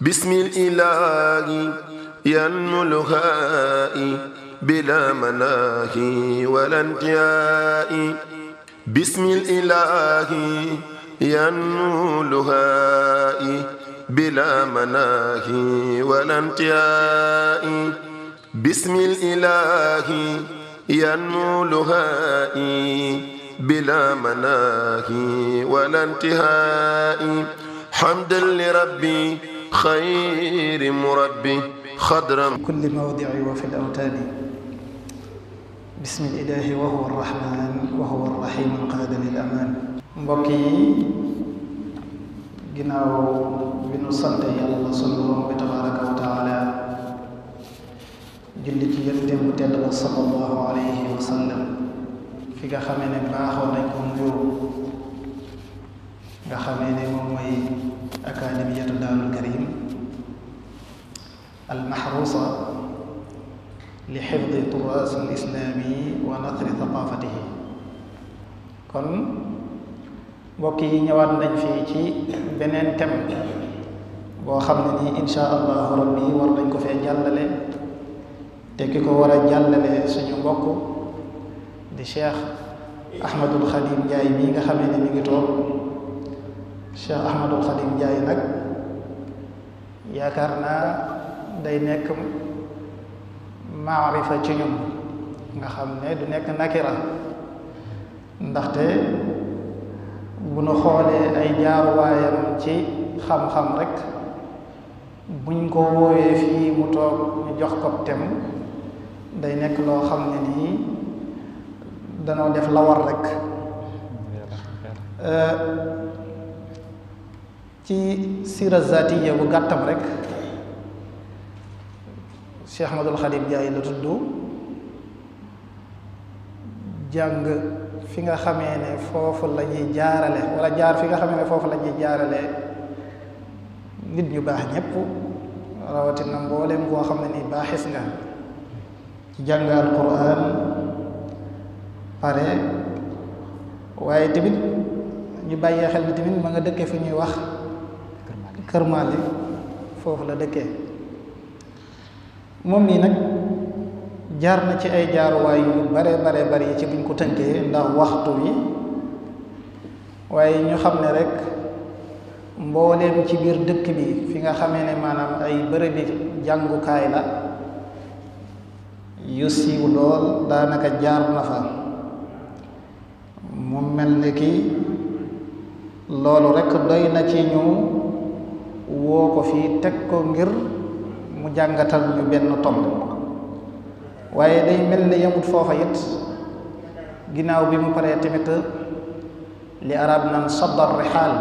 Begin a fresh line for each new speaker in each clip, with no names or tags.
بسم الإله ينمو الهاء بلا مناهي ولا انتهاء بسم الإله ينمو الهاء بلا مناهي ولا انتهاء بسم الإله ينمو الهاء بلا مناهي ولا انتهاء حمدا لربي خير مربي خضرا
كل موضع وفي الأوتاد بسم الإله وهو الرحمن وهو الرحيم القادر للأمان مبكي جناو بنو سنت يالله سبحانه تبارك وتعالى jullit yi yëpp dem tedd ba sallallahu alayhi wa sallam fi nga xamee ne baaxoon nañ ko nuyoo nga xamee ne moom mooy akademiyatu daarul karim almaxruusa li xifdi turas al wa nasri thaqafatihi kon mbokk yi ñëwaat nañ fii ci beneen thème boo xam ne nii insha allahu rabbi war nañ ko fee jàllale te ki ko war a jàllale suñu mbokk di cheikh ahmadul xadim njaay mii nga xamee ne mi ngi toog Cheikh Ahmadul Xadim Njaay nag yaakaar naa day nekk maarifa ci ñun nga xam ne du nekk nakira ndaxte bu nu xoolee ay jaaruwaayam ci xam-xam rek buñ ko woowee fii mu toog jox ko tem day nekk loo xam ne nii danoo def la war rek euh, ci sira zatiya bu gàttam rek Cheikh Ahmadul Xadim Jaay la tudd jàng fi nga xamee ne foofu la ñuy jaarale wala jaar fi nga xamee ne foofu la ñuy jaarale nit ñu baax ñépp rawatina mboolem koo xam ne ni baaxis nga ci jàng alquran pare waaye tamit ñu bàyyee xel bi tamit ma nga dëkke fi ñuy wax Kër Malik foofu la dëkke moom nii nag jaar na ci ay jaaruwaay yu bare bare bari ci buñ ko tënkee ndax waxtu wi waaye ñu xam ne rekk mbooleem ci biir dëkk bi fi nga xamee ne maanaam ay bërëbi jàngukaay la yu siiw lool daanaka jaar na fa mu mel ni ki loolu rekk doy na ci ñu woo ko fii teg ko ngir mu jàngatal ñu benn tomb waaye day mel ne yemut foofa it ginnaaw bi mu paree tamit li arab nan sadda rixaal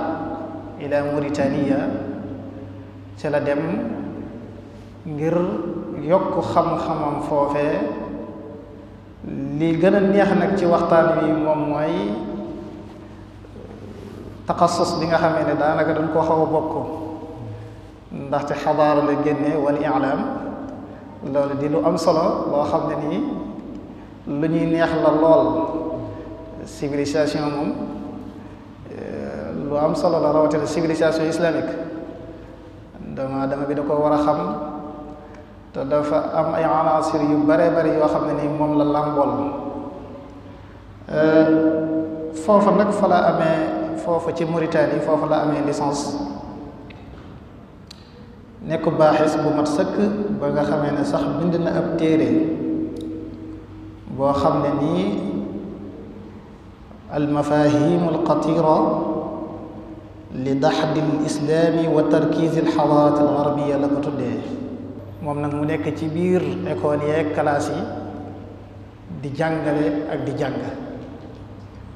ila Mauritania ci la dem ngir yokk xam-xamam foofee li gën a neex nag ci waxtaan wi moom mooy taxasus bi nga xamee ne daanaka dañ ko xaw a bokk ndaxte ci la génne wal i'laam loolu di lu am solo loo xam ne nii lu ñuy neex la lool civilisation moom lu am solo la rawatina civilisation islamique dama dama bi da ko war a xam te dafa am ay anaasir yu bare bare yoo xam ne nii moom la làmbool foofa nag fa la amee foofa ci Mauritanie foofa la amee licence nekk baaxis bu mat sëkk ba nga xamee ne sax bind na ab téere boo xam ne nii almafahim alqatira li daxdi lislaami wa tarkiis alxadaarat algarbiya la ko tuddee moom nag mu nekk ci biir école yeeg classe di jàngale ak di jàng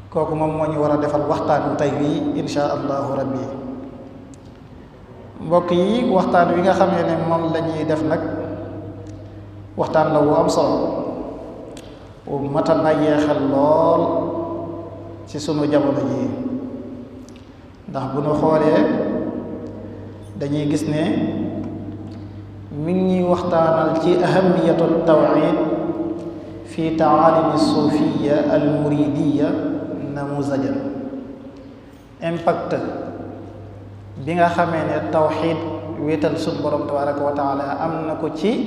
kooku moom moo ñu war a defal waxtaan wu tey wii insha allahu rabbi mbokk yi waxtaan wi nga xam ne moom lañuy def nag waxtaan la wu am solo wu mat a bàyyee xel lool ci sunu jamono yi ndax bu nu xoolee dañuy gis ne mu ngi ñuy waxtaanal ci ahamiyatu tawxiid fi taalimi suufiya al muridiya namuzajan impact bi nga xamee ne tawxiid wéetal sunu borom tabaraka wa taala am na ko ci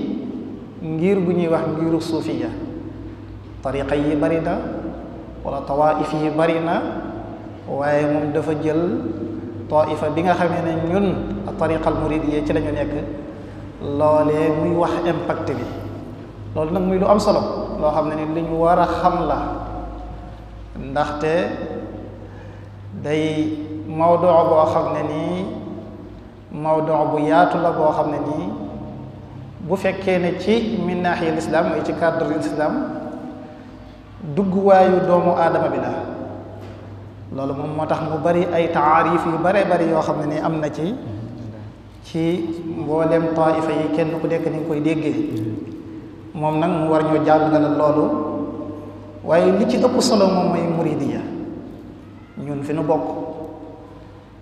ngir bu ñuy wax ngiru suufiya tariqa yi bari na wala bari na waaye moom dafa jël taifa bi nga xamee ne ñun tariqal muridiyya ci lañu nekk loolee muy wax impact bi loolu nag muy lu am solo loo xam ne ni lu ñu war a xam la ndaxte day mawduu boo xam ne nii mawduu bu yaatu la boo xam ne nii bu fekkee ne ci min naaxiya lislaam mooy ci cadre lislaam dugguwaayu doomu aadama bi la loolu moom moo tax mu bari ay taarif yu bare bari yoo xam ne nii am na ci ci mboolem taifa yi kenn ku nekk ni koy déggee moom nag mu war ñoo jàngal loolu waaye li ci ëpp solo moom mooy muridiya ñun fi nu bokk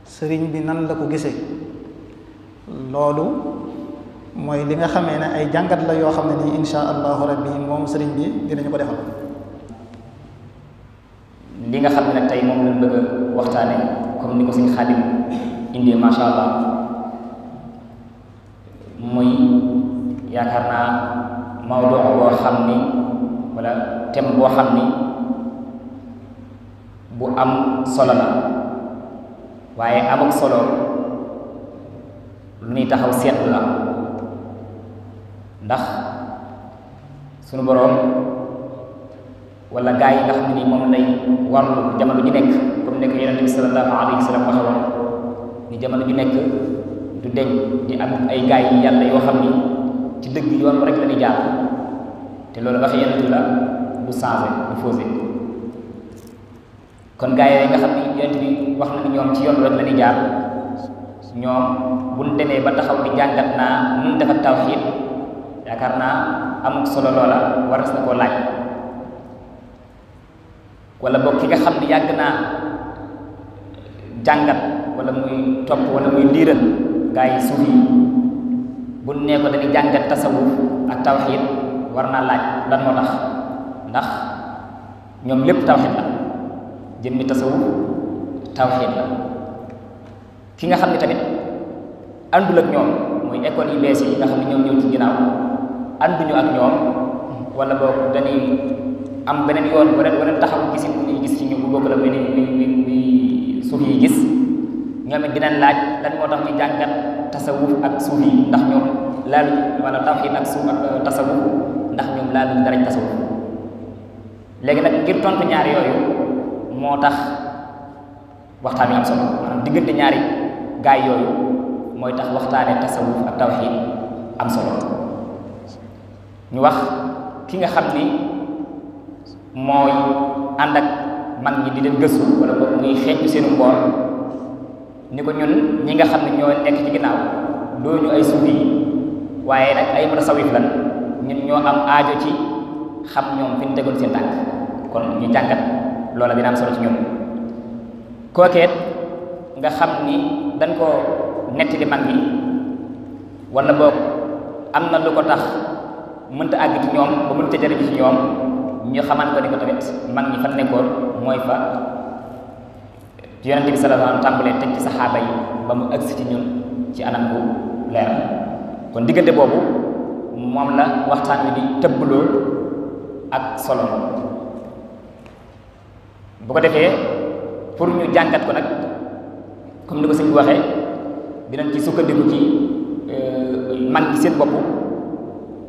sëriñ bi nan la ko gisee loolu mooy li nga xamee ne ay jàngat la yoo xam ne nii insha allahu rabbi moom sëriñ bi
dinañu ko defal li nga xam ne nag tey moom lañ bëgg a waxtaane comme ni ko sëñ Xaadim indee macha allah muy yaakaar naa mawdu boo xam ni wala thème boo xam ni bu am solo waaye amag solo lu ñuy taxaw seetlu la ndax sunu boroom wala gaa yi nga xam ne ni moom lay warlu jamono ju nekk comme nekk yonente bi sallallahu alayhi wa sallam ni jamono ju nekk du deñ di am ay gaa yi yàlla yoo xam ni ci dëgg yoon rek la ñuy jaar te loolu wax yonente la du changé du fausé kon gaa yooyu nga xam ni yonent wax na ni ñoom ci yoon rek la ñuy jaar ñoom buñ demee ba taxaw di jàngat naa nun defar tawxiid yaakaar naa amul solo loola war na koo laaj wala boog ki nga xam ni yàgg naa jàngat wala muy wala muy liiral gaa yi jàngat tasawuf ak tawxiid war naa laaj lan tax ndax ñoom lépp tawxiid la jëmmi tasawuf tawxiid la ki nga xam ne tamit àndul ak ñoom muy école yi bees yi nga xam ne ñoom ñëw ci ginnaaw ànduñu ak ñoom wala boog dañuy am beneen yoon beneen beneen taxaw gisin bu ñuy gis ci ñu bu la beneen bi bi bi suuf gis ñoom it dinañ laaj lan moo tax ñu jàngat tasawuf ak suuf yi ndax ñoom laalu wala tawxiid ak suuf ak euh, tasawuf ndax ñoom laaluñ darañ tasawuf léegi nag ngir tontu ñaar yooyu moo tax waxtaan wi am solo maanaam diggante ñaari gaay yooyu mooy tax waxtaane tasawuf ak tawxiid am solo ñu wax ki nga xam ni mooy ànd ak mag ñi di leen gëstu wala boog muy xeeñu seenu mboor ni ko ñun ñi nga xam ne ñoo nekk ci ginnaaw doo ñu ay suufi waaye rek ay ma mutasawif lan ñun ñoo am aajo ci xam ñoom fi ñu tegoon seen tànk kon ñu jàngat loola dina am solo ci ñun kookeet nga xam ni dañ koo netti di mag ñi wala boog am na lu ko tax mënta àgg ti ñoom ba mu jëriñ ci ñoom ñu xaman ni ko tamit mag ñi fa nekkoon mooy fa yonente bi sallallahu alayhi wa sallam ci saxaaba yi ba mu agsi ci ñun ci anam bu leer kon diggante boobu moom la waxtaan wi di tëbb lool ak solo boo ko defee pour ñu jàngat ko nag comme ni ko sëñ bi waxee dinañ ci sukkandiku ci euh, mag ci seen bopp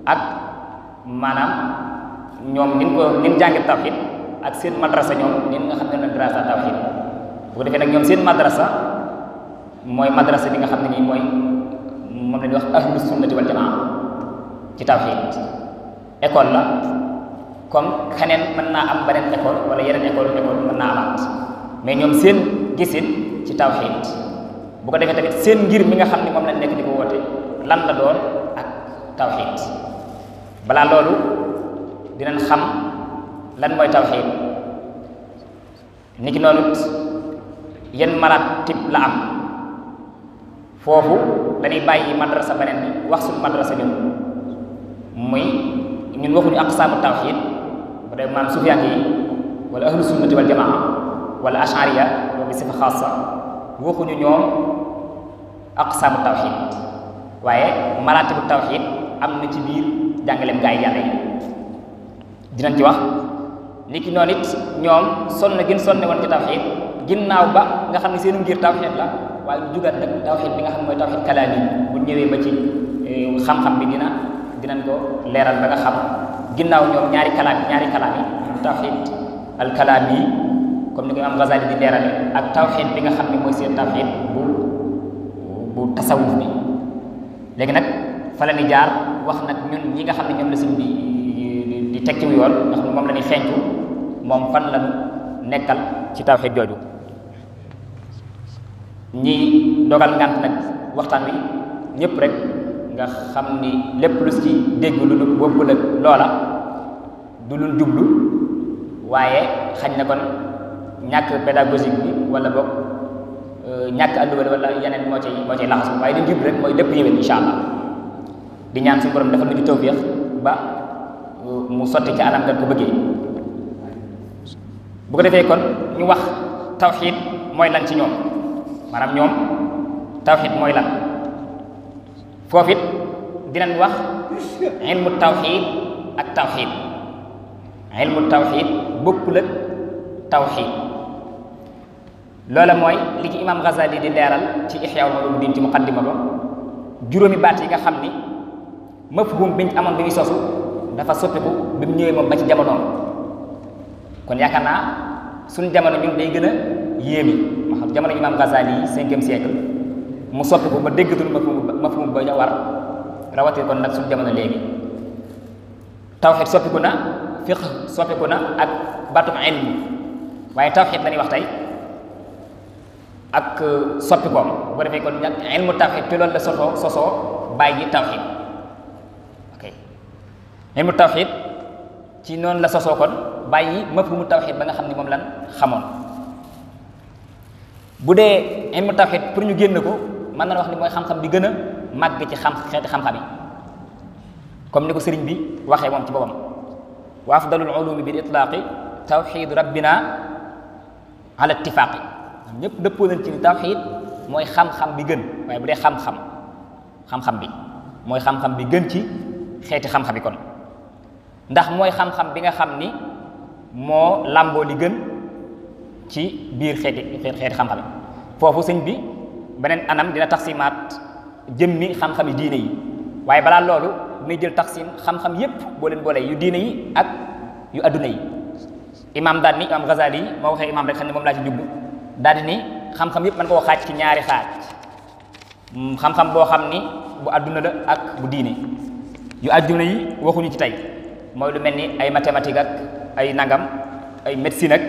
ak maanaam ñoom nin ko nin jàngat tawxiid ak seen madrasa ñoom nin nga xam ne na madrasa tawxiid bu ko defee nag ñoom seen madrasa mooy madrasa bi nga xam ne nii mooy moom la ñuy wax ahlu sunnati wal jamaa ci tawxiid école la comme xeneen mën naa am beneen école wala yeneen école école mën naa amaat mais ñoom seen gisin ci tawxiid bu ko defee tamit seen ngir mi nga xam ne moom lañ nekk di ko woote lan la doon ak tawxiid balaa loolu dinañ xam lan mooy tawxiid ni ki noonu yan maratib la am foofu dañuy bàyyi madrasa beneen bi wax suñu madrasa ñun muy ñun waxuñu aqsaamu tawxiid bu dee maam sufiyaan yi wala ahlu sunnati wal jamaa wala ashariya boobu sifa xaasa waxuñu ñoom aqsaamu tawxid waaye maratibu tawxid am na ci biir jàngaleem gaa yi yàlla yi dinañ ci wax ni ki noonu it ñoom sonn gën sonne woon ci tawxid ginnaaw ba nga xam ne seenu ngir tawxid la waaye ñu jugaat nag tawxid bi nga xam ne mooy tawxid kalaami bu ñëwee ba ci eh, xam-xam bi dina dinañ ko leeral ba nga xam ginnaaw ñoom ñaari kalaam ñaari kalaam yi tawxid al kalaam yi comme ni ko imaam Ghazali di leerale ak tawxid bi nga xam ne mooy seen tawxid bu bu tasawuf bi nag fa la ni jaar wax nag ñi nga xam ne ñoom la suñ bi di teg ci yoon nga xam moom la ñuy xeeñtu moom fan la nekkal ci tawxid jooju ñi dogal ngant nag waxtaan wi ñëpp rek nga xam ni lépp lu ci dégg lu dul bokkul ak loola du lu jublu waaye xañ na kon ñàkk pédagogique bi wala boog euh, ñàkk àlluwal wala yeneen moo ci moo ciy laxasu waaye du jublu rek mooy lépp yéwén incha allah di ñaan suñu borom defal na ci tawfeex ba euh, mu sotti ci anam ko defee kon ñu wax tawxiid mooy lan ci ñoom maanaam ñoom tawxiid mooy lan foofu it dinañ wax ilmu tawxid ak tawxid ilmu tawxid bokkul ak tawxid loola mooy li ci imaam Ghazali di leeral ci Ihya Ulumuddin ci muqaddima ba juróomi baat yi nga xam ni mafhum biñ amoon bi muy sosu dafa soppiku bi mu ñëwee moom ba ci jamonoom kon yaakaar naa suñu jamono ñun day gën a yéemi ma xam jamono imaam Ghazali yi cinquième mu sotti ko ba déggatul mu ba ñu war rawatee kon nag suñu jamono léegi tawxiid soppiku na fiq soppiku na ak batum ilmu waaye tawxiid la wax tey ak euh, soppikoom bu defee kon ña ilmu tawxiid ci loolu la sosoo sosoo bàyyi tawxiid ok mu tawxiid ci noonu la sosoo kon bàyyi mafhumu tawxiid ba nga xam ni moom lan xamoon bu dee ilmu tawxiid pour ñu génn ko. mën na wax ni mooy xam-xam bi gën a màgg ci xam xeeti xam-xam comme ni ko sëriñ bi waxee moom ci boppam wa afdalul ulumi bil itlaaqi tawxidu rabbina ala ittifaaqi ñëpp dëppoo nañ ci ni tawxid mooy xam-xam bi gën waaye bu dee xam-xam xam bi mooy xam bi gën ci xeeti xam-xam kon ndax mooy xam-xam bi nga xam ni moo làmboo li gën ci biir xeeti xeeti xam-xam foofu sëñ bi beneen anam dina taxsimaat jëmmi xam-xami diine yi waaye balaa loolu dina jël taxsim xam-xam yépp boo leen boole yu diine yi ak yu adduna yi imaam daal ni imaam Ghazali yi moo waxee moom laa ci jublu daal ni xam-xam yépp mën xaaj ci ñaari xaaj mm, xam-xam boo xam ni bu adduna la ak bu diine yu adduna yi waxuñu ci tey mooy lu mel ni ay mathématiques ak ay nangam ay médecine ak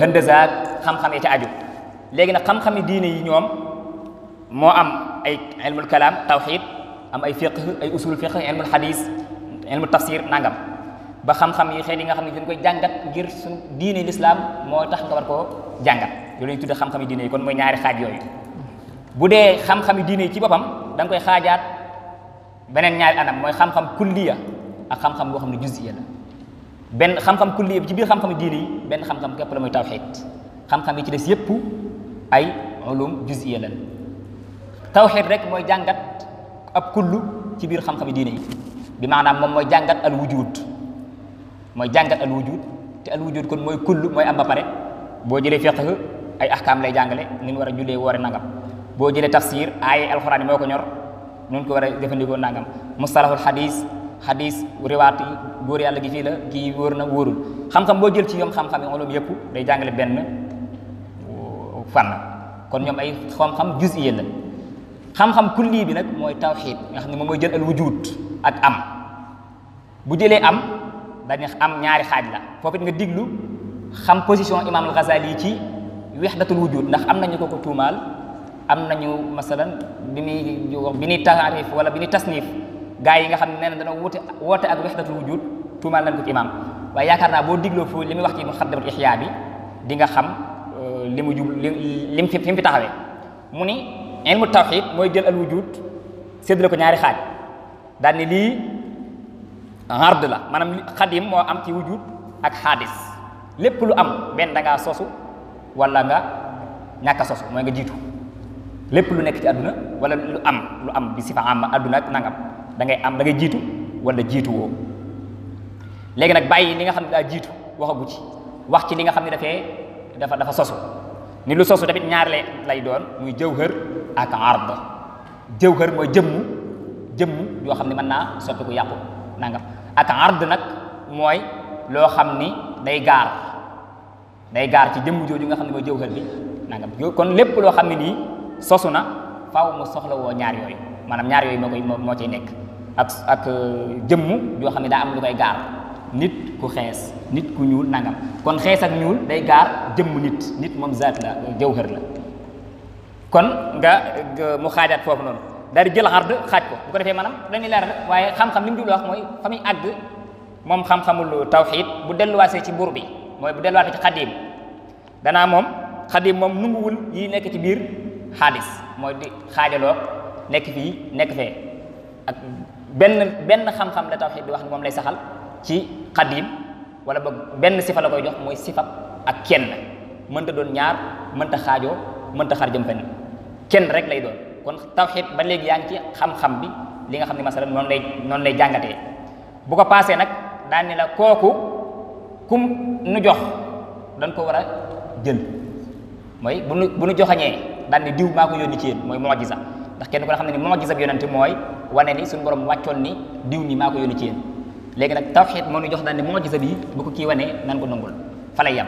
hëndësa euh, ak xam-xam yi ci aju léegi nag xam-xami diine yi ñoom moo am ay ilmul kalaam tawxid am ay fiqh ay usul fiqh ilmul xadis ilmul tafsir nangam ba xam-xam yi xeet yi nga xam ne dañ koy jàngat ngir suñ diine lislaam moo tax nga war koo jàngat loolu la ñuy tudde xam-xami mooy ñaari xaaj yooyu bu dee xam-xami diine yi ci boppam da koy xaajaat beneen ñaari anam mooy xam-xam kulliya ak xam ne juziya la benn xam-xam ci biir xam-xam diine yi benn xam-xam képp la mooy tawxid xam-xam yi ci des yépp ay ulum juz'iyya lan tawxiid rek mooy jàngat ab kullu ci biir xam-xami diine yi bi maanaam moom mooy jàngat al wujud mooy jàngat al wujud te al wujud kon mooy kullu mooy am ba pare boo jëlee fiqh ay ahkaam lay jàngale ni war a jullee woore nangam boo jëlee tafsir ay alxuraan moo ko ñor ñu ko war a jëfandikoo nangam mustalahul xadis xadis riwaat yi góor yàlla gi fii la kii wóor na wóorul xam-xam boo jël ci ñoom xam-xam yi ulum yëpp day jàngale benn fànn kon ñoom ay xam-xam juz'iyya la xam-xam kulli bi nag mooy tawxiid nga xam ne moom mooy jël al wujud ak am bu jëlee am dañu am ñaari xaaj la foofu it nga diglu xam position imaam al-Ghazali yi ci wahdatul wujud ndax am nañu ko ko tuumaal am nañu masalan bi ñuy wax bi ñuy taarif wala bi ñuy tasnif gaa yi nga xam ne nee na dana woote ak wahdatul wujud tuumaal nañ ko ci imaam waaye yaakaar naa boo digloo fu li muy wax ci muqaddimatul ihya bi di xam li mu jub li lim fi fi mu fi taxawee mu ni ilmu tawxid mooy jël al wujud séddale ko ñaari xaaj daal lii hard la maanaam xadim moo am ci wujud ak xaadis lépp lu am benn da sosu wala nga ñàkk sosu mooy nga jiitu lépp lu nekk ci àdduna walla lu am lu am bi si fa am àdduna ak nangam dangay am da jiitu wala jiitu woo léegi nag bàyyi li nga xam ne daa jiitu waxagu ci wax ci li nga xam ne dafee dafa dafa sosu ni lu sosu tamit ñaar lay doon muy jëw jawhar ak ard jawhar mooy jëmmu jëmmu yoo xam ne mën naa soppi ku yàqu nangam ak ard nag mooy loo xam ni day gaar day gaar ci jëmm jooju nga xam ne mooy jawhar bi nangam kon lépp loo xam ne nii sosu na faaw mu soxla woo ñaar yooyu maanaam ñaar yooyu moo koy moo ciy nekk ak ak jëmm yoo xam ne daa am lu koy gaar nit ku xees nit ku ñuul nangam kon xees ak ñuul day gaar jëmm nit nit moom zaat la jawhar la kon nga mu xaajaat foofu noonu daal jël xard xaaj ko bu ko defee maanaam dañuy leer waaye xam-xam li mu wax mooy fa àgg moom xam-xamul tawxiid bu delluwaasee ci buur bi mooy bu delluwaatee ci danaa moom xadiim moom nunguwul yi nekk ci biir xaadis mooy di xaajaloo nekk fii nekk fee ak benn benn xam-xam la tawxiid di wax moom lay saxal ci xadim wala ba benn sifa la koy jox mooy sifa ak kenn mënta doon ñaar mënta xaajoo mënta xar jëm ni kenn rek lay doon kon tawxid ba léegi yaa ngi ci xam-xam bi li nga xam ne masalan noonu lay noonu lay jàngatee bu ko paasee nag daan ni la kooku kum nu jox dañ ko war a jël mooy bu nu bu nu joxañee daan ni diw maa ko yónni ci yéen mooy mu'jiza ndax kenn ko na xam ne ni mu'jiza bi yonente mooy wane ni suñu borom wàccoon ni diw ni maa ko ci yéen léegi nag tawxiid moo ñu jox daan ni moo gisa bii bu ko kii wanee nan ko nangul fa lay yam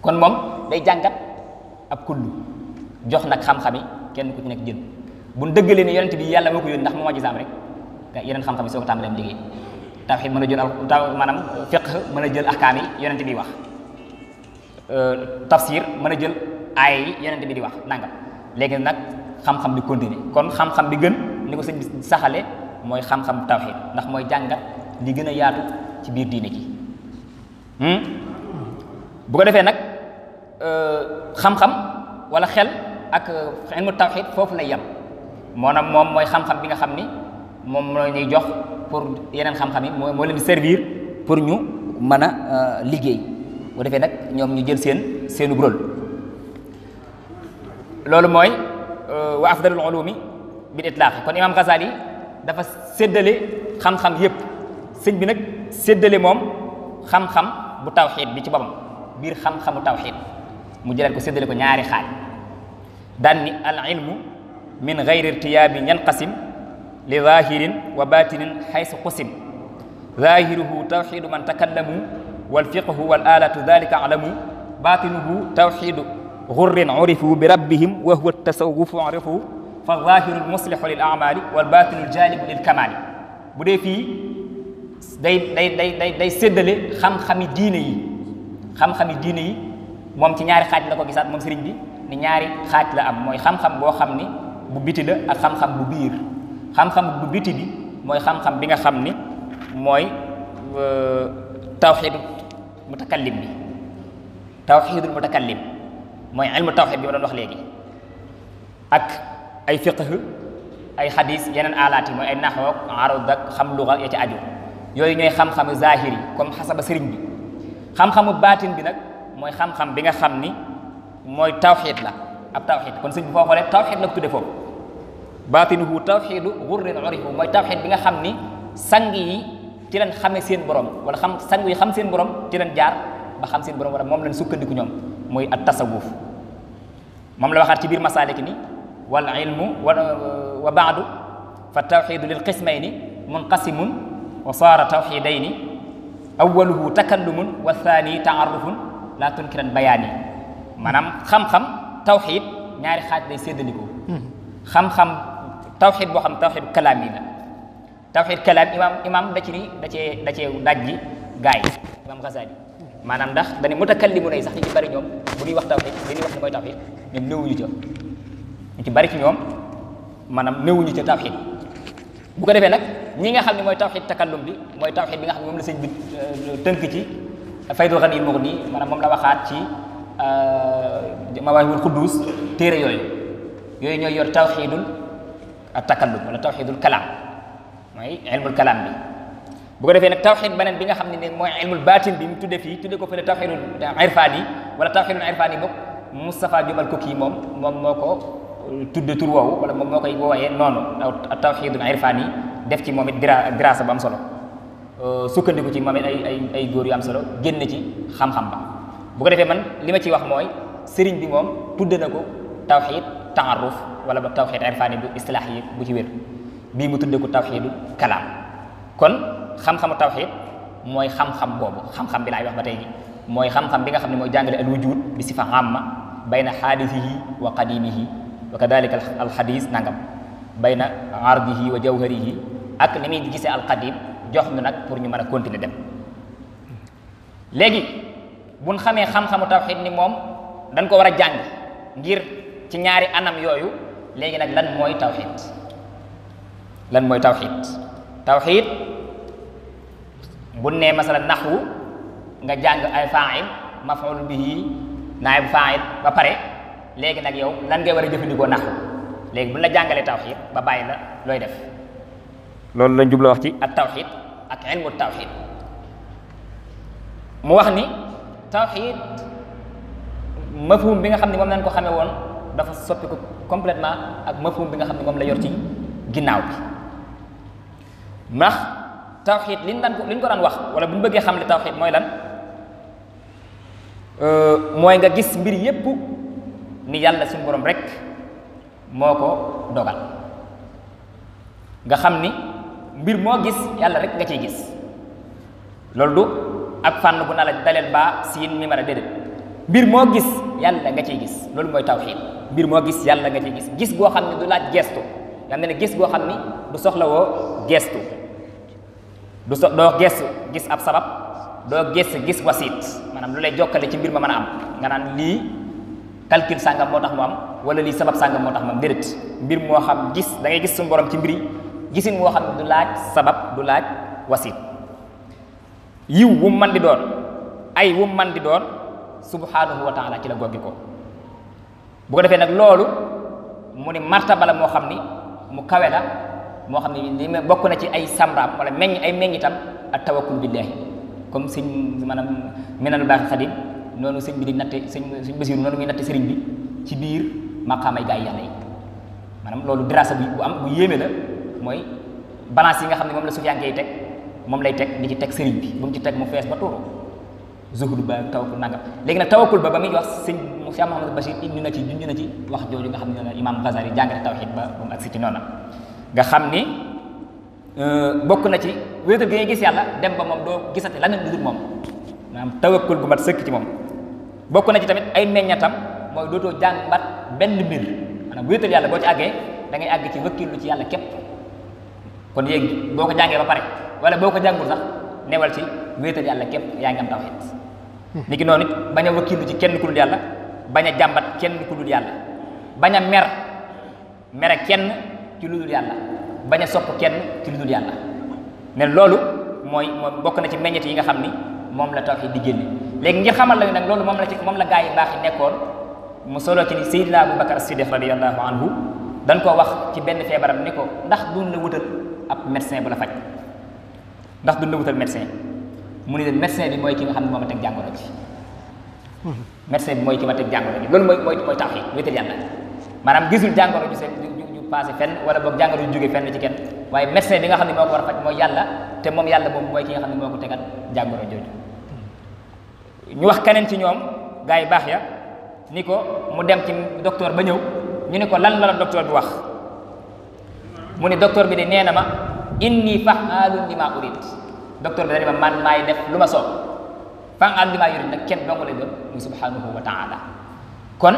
kon moom day jàngat ab kullu jox nag xam-xami kenn ku ci nekk jël bu dëggalee ne yonent bi yàlla moo ko yónni ndax moo gisaam rek nga yeneen xam-xam yi soo ko tàmbalee am liggéey mën a jël al maanaam fiqh mën a jël ahkaam yi yonent bi wax euh, tafsir mën a jël aaya yi bi di wax nangam léegi nag xam-xam di kon xam-xam bi gën ni ko sëñ bi saxale mooy xam-xam tawxiid ndax mooy jàngat li gën a yaatu ci biir diine ji hmm? bu ko defee nag euh, xam-xam wala xel ak euh, ilmu tawxid foofu lay yem moo moom mooy xam-xam bi nga xam ni moom mooy ñuy jox pour yeneen xam yi moo moo leen di pour ñu mën a euh, liggéey bu defee nag ñoom ñu jël seen seenu rôle loolu mooy wa afdalul ulumi bil itlaq kon imam Ghazali dafa séddale xam-xam yépp sëñ bi nag séddale moom xam-xam bu tawxiid bi ci boppam biir xam-xamu tawxiid mu jëlaat ko séddale ko ñaari xaaj daan ni al ilmu min gayri irtiyaabi yanqasim li zahirin wa batinin xaysu qusim zahiruhu tawxiidu man takallamu wal fiqhu wal alatu dalika alamu batinuhu tawxiidu gurrin urifu bi rabbihim wa huwa tasawufu arifu fa zahiru lmuslihu lil amali wal batinu ljalibu lil kamali bu dee fii day day day day day séddale xam-xami diina yi xam-xami diine yi moom ci ñaari xaaj la ko gisaat moom sëriñ bi ni ñaari xaaj la am mooy xam-xam boo xam ni bu biti la ak xam-xam bu biir xam-xam bu biti bi mooy xam-xam bi nga xam ni mooy euh, tawxiidu mutakallim bi tawxiidul mutakallim mooy ilmu tawxiid bi ma doon wax léegi ak ay fiqh ay xadis yeneen alaat mooy ay naxwoog arud ak xam luga ya ci aju yooyu ñooy xam-xamu zahir kom comme xasaba sëriñ bi xam-xamu baatin bi nag mooy xam-xam bi nga xam ni mooy tawxiid la ab tawxiid kon sëñ bi foo xoolee tawxiid la ko tudde foofu baatinuhu tawxiidu xurrin urifu mooy tawxiid bi nga xam ni sang yi ci lañ xamee seen borom wala xam sang yi xam seen borom ci lañ jaar ba xam seen borom wala moom lañ sukkandiku ñoom mooy at tasawuf moom la waxaat ci biir masaalik ni wal ilmu wa wa baadu fa tawxiidu lil qismayni munqasimun wa saara tawxidayni awaluhu takallumun wa thani taarufun laa tunkiran bayaani maanaam xam-xam tawxid ñaari xaaj day séddalikoo hmm. xam-xam tawxid boo xam tawxid kalaam yi la tawxid kalaam imaam imaam da ci cee da cee daj ji gaay imaam Xasaali maanaam ndax dañu mutakallimu nay sax ñu ci bari ñoom ñuy wax tawxid li ñuy wax ni mooy tawxid ci bari ci ñoom maanaam néewuñu ca tawxid bu ko defee ñi nga xam ne mooy tawxid takallum bi mooy tawxid bi nga xam ne moom la sëñ bi euh, tënk ci faydul xanil muxni maanaam moom la waxaat ci euh, mawaahibul quddus téere yooy yooyu ñooy yor tawxidul takallum wala tawxidul kalaam mooy ilmul kalaam bi bu ko defee nag tawxid beneen bi nga xam ne ne mooy ilmul baatin bi mu tudde fii tudde ko fële tawxidul irfaan yi wala tawxidul irfaan yi bokk Moustapha Jubal Koki moom moom moo ko tudde tur woowu wala moom moo koy wooyee noonu tawxiidul irfaan yi def ci moom it dira diraasa bu am solo euh, sukkandiku ci moom ay ay ay góor yu am solo génn ci xam-xam ba bu defee man lima ma ciy wax mooy sëriñ bi moom tudde na ko tawxiid taaruf wala ba tawxiid irfaan yi bu bu ci wér bii mu tudde ko tawxiidul kalaam kon xam-xamu tawxiid mooy xam boobu xam bi laay wax ba tey mooy xam-xam bi nga xam ne mooy jàngale al wujud bi sifa amma bayna xaadisihi wa qadimihi wa kadalika alxadis nangam bayna ardihi wa jawharihi ak ni muy gisee alxadim jox nu nag pour ñu man a continuer dem léegi buñ xamee xam-xamu tawxid ni moom dañ ko war a jàng ngir ci ñaari anam yooyu léegi nag lan mooy tawxid lan mooy tawxid tawxid bu nee masala naxwu nga jàng ay fail maful bihi naayib fail ba pare léegi nag yow lan ngay war a jëfandikoo naxu léegi bu la jàngalee tawxiid ba bàyyi la looy def loolu lañ jubla wax ci ak tawxiid ak ilmu tawxiid mu wax ni tawxiid mafhum bi nga xam ne moom lañ ko xamee woon dafa soppi ko complètement ak mafhum bi nga xam ne moom la yor ci ginnaaw bi ndax tawxiid liñ daan ko liñ ko daan wax wala bu ñu bëggee xam ne tawxiid mooy lan euh, mooy nga gis mbir yépp ni yàlla suñu borom rek moo ko dogal nga xam ni mbir moo gis yàlla rek nga ciy gis loolu du ak fànn bu na la daleel baa a déedéet mbir moo gis yàlla nga ciy gis loolu mooy tawxiid mbir moo gis yàlla nga ciy gis gis goo xam ne du laaj gestu nga xam gis goo xam ni du soxlawoo gestu du so doo gestu gis ab sabab doo gestu gis wasiit maanaam lu lay jokkale ci mbir ma mën a am nga naan lii calcul sàngam moo tax mu am wala lii sabab sàngam moo tax mu am déedéet mbir moo xam gis dangay gis suñu borom ci mbir yi gisin moo xam ne du laaj sabab du laaj wasit yiw wu man di doon ay wu man di doon subhanahu wa taala ci la goggi ko bu ko defee nag loolu mu ni martaba la moo xam ni mu kawe la moo xam ne li bokk na ci ay samraam wala meññ ay meññ itam ak tawakkul billahi comme sëñ maanaam minal baax xadim noonu sëñ bi di natte sëñ sëñ Basiiru noonu muy natte sëriñ bi ci biir maqaamay gaay yàlla yi maanaam loolu dirasa bu am bu yéeme la mooy balance yi nga xam ne moom la sufiyanke yi teg moom lay teg di ci teg sëriñ bi bu mu ci teg mu fees ba tuuru zuhud ba tawakkul nangam léegi nag tawakkul ba ba muy wax sëñ Cheikh Mouhamadou Bachir indi na ci junj na ci wax jooju nga xam ne imaam Ghazali jàngale tawxiid ba ba mu agsi noonu nga xam ni euh, bokk na ci wéetal gi ngay gis yàlla dem ba moom doo gisati leneen lu dul moom maam tawakkul bu mat sëkk ci moom bokk na ci tamit ay meññatam mooy dootoo jàmbat benn mbir maanaam bu yàlla boo ci àggee da ngay àgg ci wëkkilu ci yàlla képp kon yéegi boo ko jàngee ba pare wala boo ko jàngul sax newal ci wéetal yàlla képp yaa ngi am tawhid hmm. ni ki noonu it bañ wëkkilu ci kenn ku dul yàlla bañ a jàmbat kenn ku dul yàlla bañ a mer mere kenn ci lu dul yàlla bañ a sopp kenn ci lu dul yàlla ne loolu mooy moom bokk na ci meññet yi nga xam ni moom la tawhid di génne léegi ngir xamal la nag loolu moom la ci moom la gaa yi baax yi nekkoon mu solo ci ni Seydina Abu Bakar Siddiq radiyallahu anhu dañ koo wax ci benn feebaram ni ko ndax duñ la wutal ab médecin bu la faj ndax duñ la wutal médecin ne leen médecin bi mooy ki nga xam ne moom a teg jàngoro ji médecin bi mooy ma teg jàngoro loolu mooy mooy tax yi wéetal yàlla maanaam gisul jàngoro ju seen ju passé fenn wala boog jàngoro ju jóge fenn ci kenn waaye médecin bi nga xam ne moo ko war a faj mooy yàlla te moom yàlla moom mooy ki nga xam ne moo ko tegal jàngoro jooju ñu wax keneen ci ñoom gars yi baax ya ni ko mu dem ci docteur ba ñëw ñu ni ko lan la la docteur bi wax mu ni docteur bi de nee na ma inni fa'aalun limaa uriid docteur bi dañu ma man maay def lu ma soob fa'aalun limaa uriid nag kenn dong lay doon muy subhanahu wa taala kon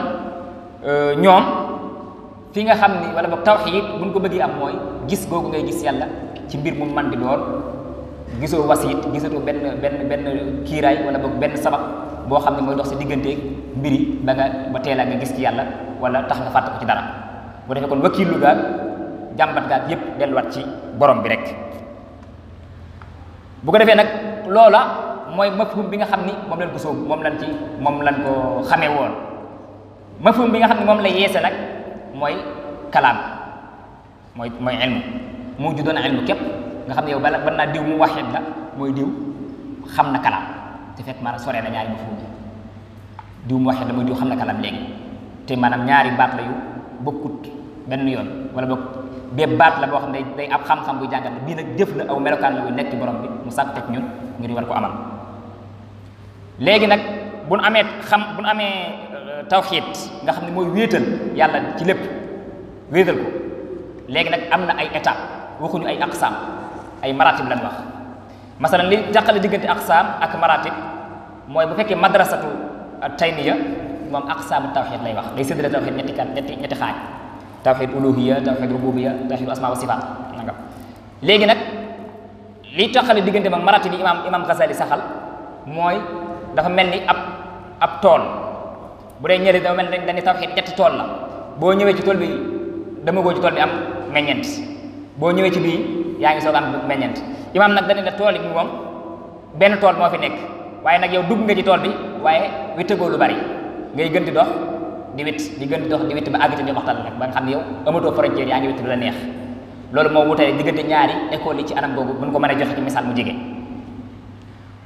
euh, ñoom fi nga xam ni wala boog tawxiid buñ ko bëggee am mooy gis googu ngay gis yàlla ci mbir mu man di doon gisoo wasiit gisatoo benn benn benn kiiraay wala boog benn sabab boo xam ne mooy dox sa diggante mbiri ba nga ba teelaa nga gis ci yàlla wala tax nga fàtte ko ci dara bu defee kon wakiilu gaag jàmbat gaag yépp delluwaat ci borom bi rek bu ko defee nag loola mooy mafhum bi nga xam ni moom lañ ko moom lañ ci moom lañ ko xamee woon mafhum bi nga xam ne moom la yeese nag mooy kalaam mooy mooy ilmu mu ju doon ilmu képp nga xam ne yow bala ban naa diw mu wax waxit la mooy diw xam na kalaam te fekk maanaam soree na ñaari mafhum yi diw mu waxit la mooy diw xam na kalaam léegi te maanaam ñaari baat la yu bokkut benn yoon wala boog bee baat la boo xam ne day ab xam-xam buy bii nag jëf la aw melokaan la nekk ci borom bi mu sàkk teg ñun war ko amal nag bu nu amee xam bu nu amee euh, tawxiid nga xam ne mooy wéetal yàlla ci lépp wéetal ko léegi nag am na ay étape waxuñu ay aqsaam ay maratib lañ wax masalan li jàqale diggante aqsaam ak maratib mooy bu fekkee madrasatu taymiya moom aqsaamu tawxid lay wax day séddale tawxid ñetti kat ñetti ñetti xaaj tawxid uluhiya tawxid rububiya tawxid asma wa sifaat nangam léegi nag li taxale diggante moom maratib yi imaam imaam Ghazali saxal mooy dafa mel ni ab ab tool bu dee ñële dafa mel ni dañuy tawxid ñetti tool la boo ñëwee ci tool bi dama goo ci tool bi am meññeent boo ñëwee ci bii yaa ngi soog am meññeent imaam nag dañu ne tool yi moom benn tool moo fi nekk waaye nag yow dugg nga ci tool bi waaye wittagoo lu bari ngay gën di dox di witt di gën di dox di witt ba àgg ci yow amatoo frontière yaa ngi witt la neex loolu moo wutale diggante ñaari école yi ci anam googu buñ ko mën a joxe ci misaal mu jege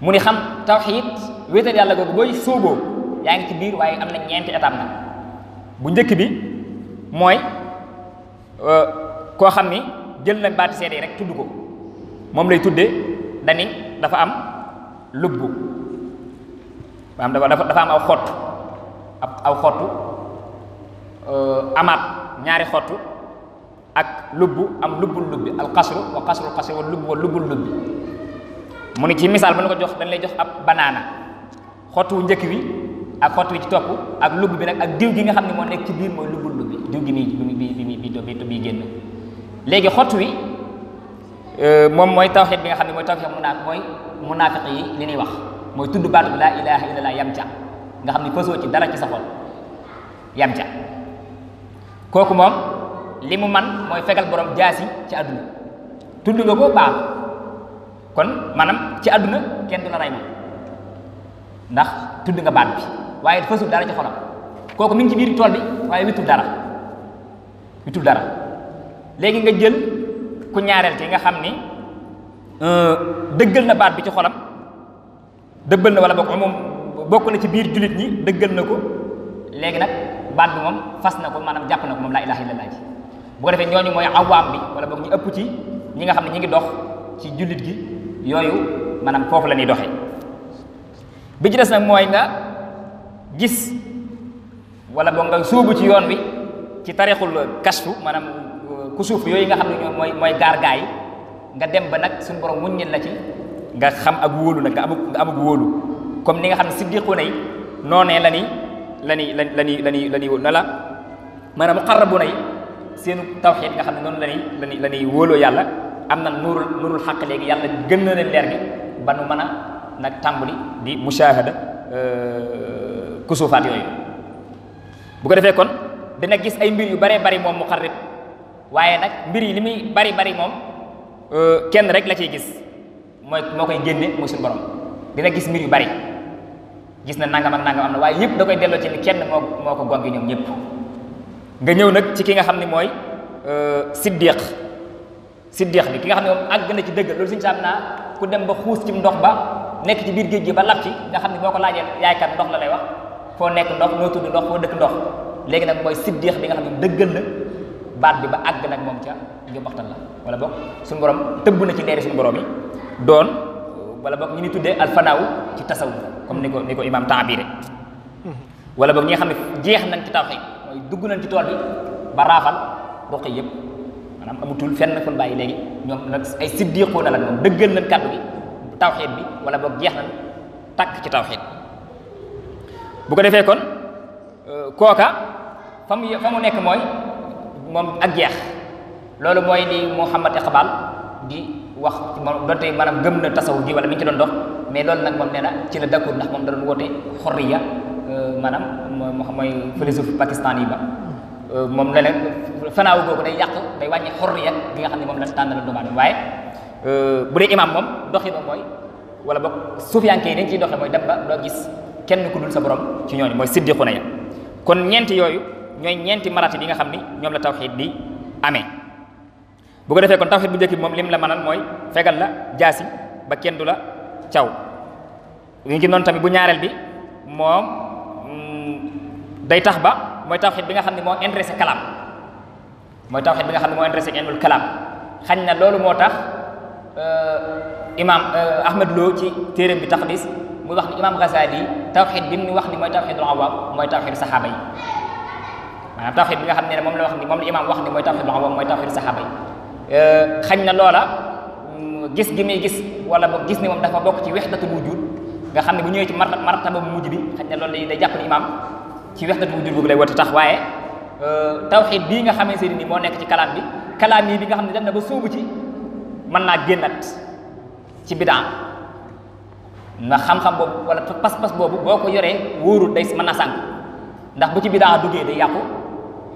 mu ni xam tawxiid wéetal yàlla googu booy sóoboo yaa ngi ci biir waaye am na ñeenti étape nag bu njëkk bi mooy euh, koo xam ni jël nag baati seede yi rek tudd ko moom lay tuddee dani dafa am lubbu maanaam dafa dafa dafa am aw xott ab aw xottu amaat ñaari xottu ak lubbu am lubbul lubbi al xasru wa xasru xasru wa lubbu wa lubbul lubbi
mu ne ci misaal ba nu ko
jox dañ lay jox ab banaana xottu njëkk bi ak xott wi ci topp ak lubb bi nag ak diw gi nga xam ne moo nekk ci biir mooy lubbul lubbi diw gi nii bi bi bi bi bi génn léegi xott wi euh, moom mooy tawxiid bi nga xam ne mooy tawxiid mu naa mooy munaafiq yi li ñuy wax mooy tudd baat bi laa ilaaha illallaah yam ca nga xam ne fasoo ci dara ci sa xol yam ca kooku moom li mu man mooy fegal borom jaasi ci àdduna tudd nga ko baax kon maanaam ci àdduna kenn du la ndax tudd nga baat bi waaye fasul dara ci xolam kooku mi ngi ci biir tool bi waaye witul dara witul dara léegi nga jël ku ñaareel ki nga xam ni euh, dëggal na baat bi ci xolam dëbbal na wala bokk moom bokk na ci biir jullit ñi dëggal na ko léegi nag baat bi moom fas na ko maanaam jàpp na ko moom laa ilaaha illallaah ji bu ko defee ñooñu mooy awaam bi wala boog ñu ëpp ci ñi nga xam ne ñi ngi dox ci jullit gi yooyu maanaam foofu la ñuy doxee bi nag mooy nga gis walla boog nga suubu ci yoon bi ci tarixul kashfu maanaam ku suuf yooyu nga xam ne ñoom mooy mooy gaar gaay nga dem ba nag suñu borom wuññil la ci nga xam ak wóolu nag nga amug nga amug wóolu comme ni nga xam ne siddiqu nay noonee la ni la ni la ni la ni la ni na la maanaam muqarrabu nay seenu tawxiid nga xam ne noonu la ni la la ni wóoloo yàlla am na nuurul nuurul xaq léegi yàlla gën na leen leer gi ba nu mën a nag tàmbali di mushahada euh, kusuufaat yooyu bu ko defee kon dina gis ay mbir yu baree bari moom muqarrib waaye nag mbir yi li muy bari bari moom euh, kenn rek la ciy gis mooy moo koy génne mooy suñu borom dina gis mbir yu bari gis na nangam ak nangam am na waaye yëpp da koy delloo ci kenn moo moo ko gongi ñoom ñëpp nga ñëw nag ci ki nga xam ne mooy euh, siddiq siddiq bi ki nga xam ne moom àgg na ci dëgg loolu suñu saam naa ku dem ba xuus ci ndox ba nekk ci biir géej gi ba lab ci nga xam ne boo ko laajee yaay ndox la lay wax foo nekk ndox noo tudd ndox foo dëkk ndox léegi nag mooy siddiq bi nga xam ne dëggal na baat bi ba àgg nag moom ca njombaxtan la wala boog suñu borom tëbb na ci leeri suñu borom yi doon wala boog ñu ni tuddee alfanaaw ci tasawuf comme ni ko ni ko imaam taabire wala boog ñi nga xam ne jeex nañ ci tawxiid mooy dugg nañ ci tool bi ba raafal ruqi yëpp maanaam amutul fenn fon bàyyi léegi ñoom nag ay siddiqoo na la bi tawxiid bi wala boog jeex nañ tàkk ci tawxiid bu ko defee kon kooka fa fa mu nekk mooy moom ak jeex loolu mooy li Muhammad Iqbal di wax ci moom donte maanaam gëm na tasawuf ji wala mi ngi ci doon dox mais loolu nag moom nee na ci la d'accord ndax moom da doon euh, maanaam moo xam mooy philosophe pakistan yi ba euh, moom la nag fanaaw googu day yàq day wàññi xorriya gi nga xam ne moom la tànnal doomu aadama waaye euh, bu dee imaam moom doxina mooy wala boog suufiyanke yi dañ ciy doxe mooy dem ba doo gis kenn ku dul sa borom ci ñooñu mooy siddiqu na ya kon ñeenti yooyu ñooy ñeenti maratib bi nga xam ni ñoom la tawxiid bi amee bu ko defee kon tawxiid bu njëkk bi moom lim la mënal mooy fegal la jaasi ba kenn du la caw li ngi tamit bu ñaareel bi moom mm, day tax ba mooy tawxiid bi nga xam ne moo intéressé kalam mooy tawxiid bi nga xam ne moo intéressé ilmul kalaam xañ na loolu moo tax euh, imaam euh, Ahmed loo ci téeréem bi taxdis muy wax ni imaam Ghazali tawxiid bi mu wax ni mooy tawxiidul awaam mooy tawxiidu saxaaba yi maanaam ah, bi nga xam ne moom la wax ni moom eh, xañ na loola mm, gis gi muy gis wala boog gis ni moom dafa bokk ci wexdatul wujud nga xam ne bu ñëwee ci mar martaba bu mujj bi xañ na loolu day jàpp ni imaam ci wexdatul wujud boobu lay woote tax waaye eh, tawxiid bii nga xamee seen ni moo nekk ci kalaam bi kalaam yi bi nga xam ne dem na ba sóobu ci mën naa at ci bidaan ndax xam-xam boobu wala pas-pas boobu boo ko yoree wóorul day mën naa sànq ndax bu ci bidaan duggee day yàqu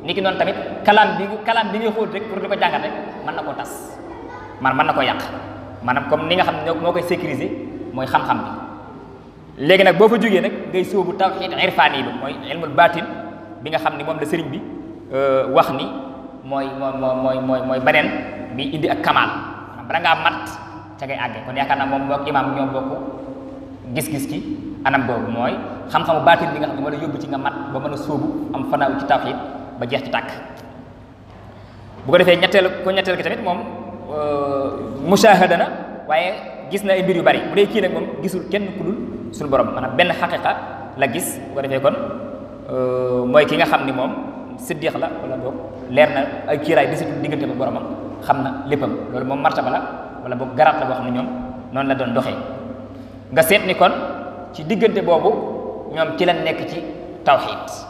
ni ki noonu tamit kalaan bi kalaan bi ngay xóot rek pour di ko jàngat man na koo tas man man na koo yàq maanaam comme ni nga xam ne moo koy sécuriser mooy xam-xam bi léegi nag boo fa jógee nag ngay sóobu tawxiid irfaan yi bi mooy ilmul bi nga xam ne moom la sëriñ bi euh, wax ni mooy mooy mooy mooy mooy beneen bi indi ak kamaal bala ngaa mat ca ngay àggee kon yaakaar naa moom moo moog imaam ñoo bokk gis-gis ki anam boobu mooy xam-xamu baatin bi nga xam ne moo la yóbbu ci nga mat ba mën a soobu am fanaaw ci tawxiid ba jeex ci tàkk bu ko defee ñetteel ko ñetteel ki tamit moom euh, mushahada na waaye gis na ay mbir yu bari bu dee kii nag moom gisul kenn ku dul suñu borom maanaam benn xaqiqa la gis bu ko defee kon euh, mooy ki nga xam ni moom siddiq la wala boog leer na ay kiiraay bi si diggante ba boromam xam na léppam loolu moom martaba la wala boog garaat la boo xam ne ñoom noonu la doon doxee nga seet ni kon ci diggante boobu ñoom ci la nekk ci tawxiid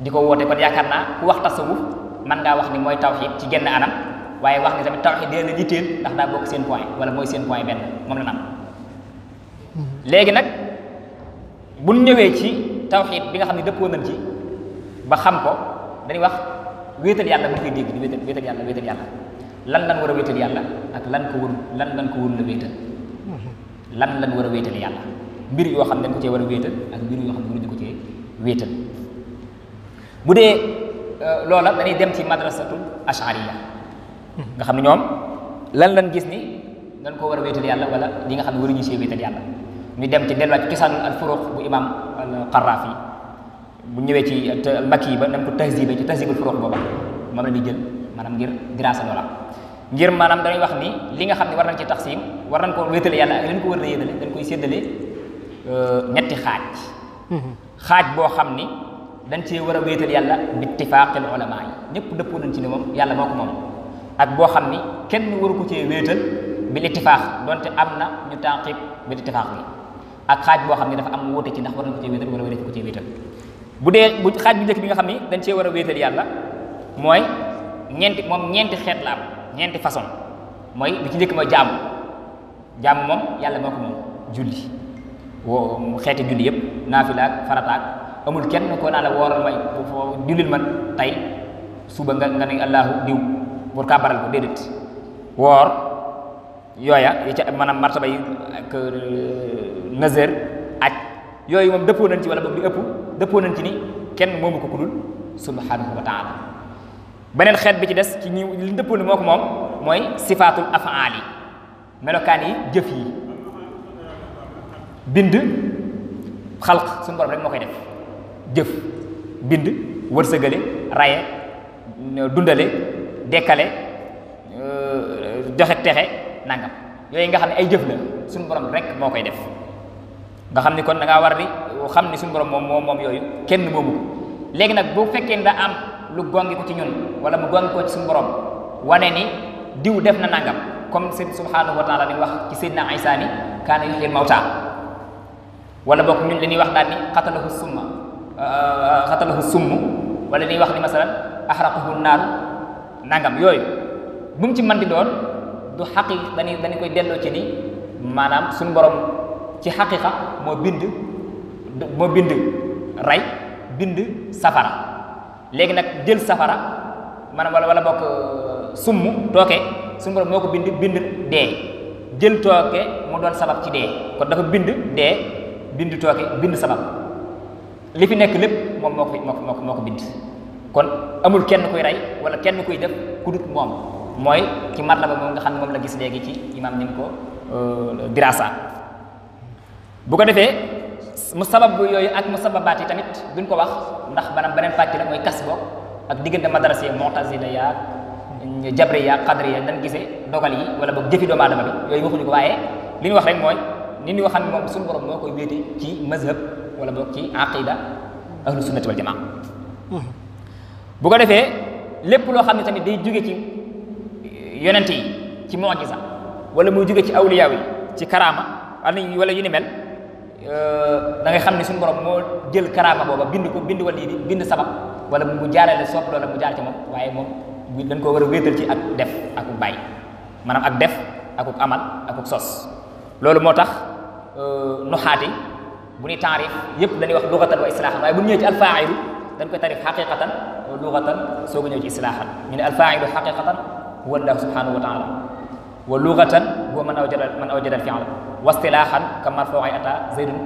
di ko woote kon yaakaar naa ku wax tasawuf mën ngaa wax ni mooy tawxiid ci genn anam waaye wax ni tamit tawxiid dina la yitteel ndax daa bokk seen point wala mooy seen point benn moom la nag bu ñëwee ci tawxiid bi nga xam ne dëppoo nañ ci ba xam ko dañuy wax wéetal yàlla bu ñu koy dégg di wéetal wéetal yàlla wéetal yàlla lan lan war a wéetal yàlla ak lan ko wër lan lan ko wër la wéetal lan lan war a wéetal yàlla mbir yoo xam ne dañ ko cee war a wéetal ak mbir yoo xam ne waruñu ko cee wéetal bu dee euh, loola dañuy dem ci madrasatu ashariya nga xam ne ñoom lan lan gis ni dañ koo war a wéetal yàlla wala li nga xam ne waruñu see wéetal yàlla ñu dem ci delluwaat ci cosaanul al furuq bu imam al qarrafi bu ñëwee ci al makki ba nam ko tahzibe ci tahzibul furuq booba moom la ñuy jël maanaam ngir dirasa loola ngir maanaam dañuy wax ni li nga xam ne war nañ ci taqsim war nañ koo wéetale yàlla ak leen ko war a yéetale dañ koy séddale euh, ñetti xaaj mm-hmm. xaaj boo xam ni dañ cee war a wéetal yàlla bi ittifaaqil ulamaa yi ñëpp dëppoo nañ ci moom yàlla moo ko moom ak boo xam ni kenn waru ku cee wéetal bil ittifaax donte am na ñu tànqib bil ittifaax bi ak xaaj boo xam ne dafa am wóote ci ndax war nañ ko cee wéetal wala wéetal ko cee bu dee bu xaaj bu njëkk bi nga xam ni dañ cee war a wéetal yàlla mooy ñeenti moom ñeenti xeet la am ñeenti façon mooy bi ci njëkk mooy jaamu jaamu moom yàlla moo ko moom julli woo xeeti julli yëpp naafila ak farata ak amul kenn ko naa la wooral may julil ma tey suba nga nga ne allahu diw pour kàbbaral ko déedéet woor yooya yi ca maanaam martaba ak euh, yooyu moom dëppoo nañ ci wala boog di ëpp dëppoo nañ ci ni kenn moomu ko kudul subhanahu wa taala beneen xeet bi ci des ci ñi li dëppoo ni moo ko moom mooy sifaatul afaal yi melokaan yi jëf yi bind xalq suñu borom rek moo koy def jëf bind wërsëgale raye dundale dekkale euh, joxe texe nangam yooyu nga xam ne ay jëf la suñu rek moo koy def nga xam ni kon da war war di xam ni suñu borom moom moom moom yooyu kenn moomu ko nag bu fekkee ne da am lu gongi ko ci ñun wala mu ko ci suñu borom wane ni diw def na nangam comme seen subhanahu wa taala ni wax ci Seydina Isaa ni kaana yuhyil mawta wala boog ñun li ñuy wax xatalahu summa xatalahu summ wala liy wax ni masalan axraqahu naaru nangam yooyu bu ci man di doon du xaqi dañuy dañu koy delloo ci ni maanaam suñu borom ci xaqiqa moo bind moo bind rey bind
léegi nag jël
safara maanaam wala wala bokk euh, summ tooke suñu borom moo ko bind bind dee jël tooke mu doon sabab ci dee kon dafa bind dee bind tooke bind sabab li fi nekk lépp moom moo ko moo ko moo ko ko kon amul kenn kuy rey wala kenn kuy def ku moom mooy ci martaba moom nga xam ne moom la gis léegi ci imaam ni mu ko euh, dirasa bu ko defee mu sabab bu yooyu ak mu sababaat yi tamit duñ ko wax ndax banam beneen pàcc la mooy kas boog ak diggante madarase montazila yaag jabri yaag xadri yaag dañ gisee dogal yi wala boog jëfi doomu aadama bi yooyu waxuñu ko waaye li ñu wax rek mooy ni ñu waxam moom suñu borom moo koy wéete ci mazhab wala boog ci aqida ahlu sunnati wal jamaa hmm. bu ko defee lépp loo xam ni tamit day jóge ci yonent yi ci mu'jiza wala muy jóge ci awliyaaw yi ci karaama wala yu ni mel euh, da xam ne suñ borom moo jël karaama booba bind ko bind wala bind sabab wala mu jaarale sopp loola mu jaar ci moom waaye moom dañ koo war a wéetal ak def akuk bàyyi maanaam ak def akuk amal akuk sos loolu moo tax euh, nuxaati bu ñuy taarif yëpp dañuy wax luxatan wa islaaxan waaye bu ñëwee ci alfaailu dañ koy taarif xaqiqatan wa luxatan soo ko ñëw ci islaaxan ñu ne alfaailu xaqiqatan huwa allah subhanahu wa taala wa luxatan huwa man awjada man awjada al fiala wa istilaaxan ka marfooxay ata zaydun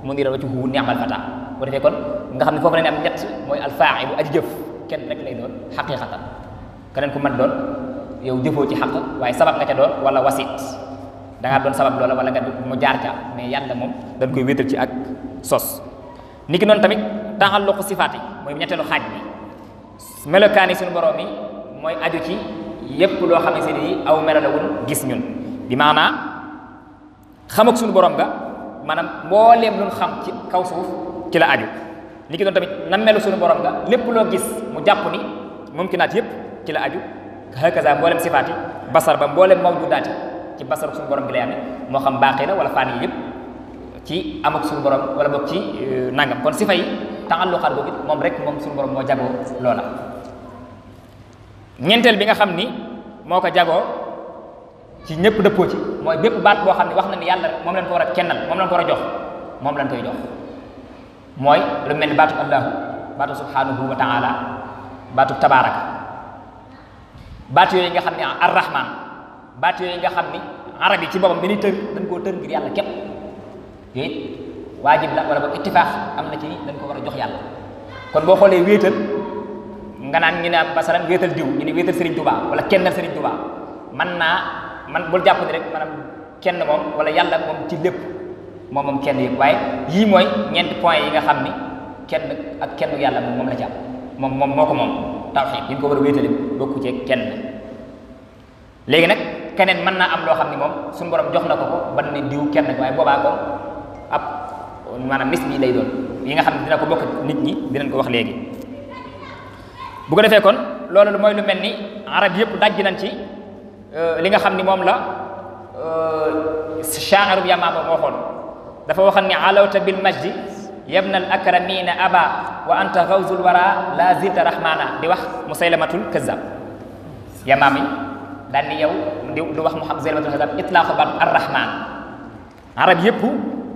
munira wa ci huwu niamal fata bu defee kon nga xam ne foofu la ne am ñett mooy alfaailu aji jëf kenn rek lay doon xaqiqatan keneen ku mën doon yow jëfoo ci xaq waaye sabab nga doon wala wasit da ngaa doon sabab loola wala nga mu jaar ca mais yàlla moom dañ koy wéetal ci ak sos ni ki noonu tamit taxalluqu sifaat yi mooy ñetteelu xaaj bi melokaan yi suñu borom mooy aju ci yépp loo xam ne si ni aw melo la wul gis ñun bi maanaa xam ak suñu borom nga maanaam mbooleem lu xam ci kaw suuf ci la aju ni ki tamit na melu suñu borom lépp loo gis mu jàpp ni mumkinaat yépp ci la aju hakaza mboolem sifaati basar ba mboolem mawjudaati ci basaru suñu borom bi lay amee moo xam baaxee la wala fànn yi yëpp ci am ak suñu borom wala boog ci euh, nangam kon sifa yi taalluqaat boobu moom rek moom suñu borom moo jagoo loola. ñeenteel bi nga xam ni moo ko jagoo ci ñëpp dëppoo ci mooy bépp baat boo xam ne wax na ni yàlla moom lañ ko war a kennal moom lañ ko war a jox moom lañ koy mooy lu mel ni baatu allahu baatu subhanahu wa taala baatu tabaaraka baatu yooyu nga xam ne arrahman baat yooyu nga xam ni arab yi ci boppam bi ni tër dañ koo tër ngir yàlla képp yooyu it waajib la wala boog ittifaax am na ci dañ ko war a jox yàlla kon boo xoolee wéetal nga naan ñu ne masalan wéetal diw ñu ne wéetal Serigne Touba wala kennal Serigne Touba man naa man bul jàpp ni rek maanaam kenn moom wala yàlla moom ci lépp moom moom kenn yëpp waaye yii mooy ñeenti point yi nga xam ni kenn ak kenn yàlla moom moom la jàpp moom moom moo ko moom tawxiid yi nga ko war a wéetale bokku ci kenn léegi nag keneen mën naa am loo xam ne moom suñu jox na ko ko ban kenn waaye boobaa ko ab maanaam mis lay doon yi nga xam ne dina ko bokk nit ñi dinañ ko wax léegi bu ko defee kon loolu mooy lu mel ni arab yëpp daj nañ ci euh, li nga xam ni moom la euh, shaairub yamaama waxoon dafa waxoon ni alawta bil majdi yabna al akramina aba wa anta gawzul wara la zilta rahmana di wax musaylamatul kazzab yamaami daal ni yow di wax mu xam zélimatul xasab itlaaxu baat arrahman arab yëpp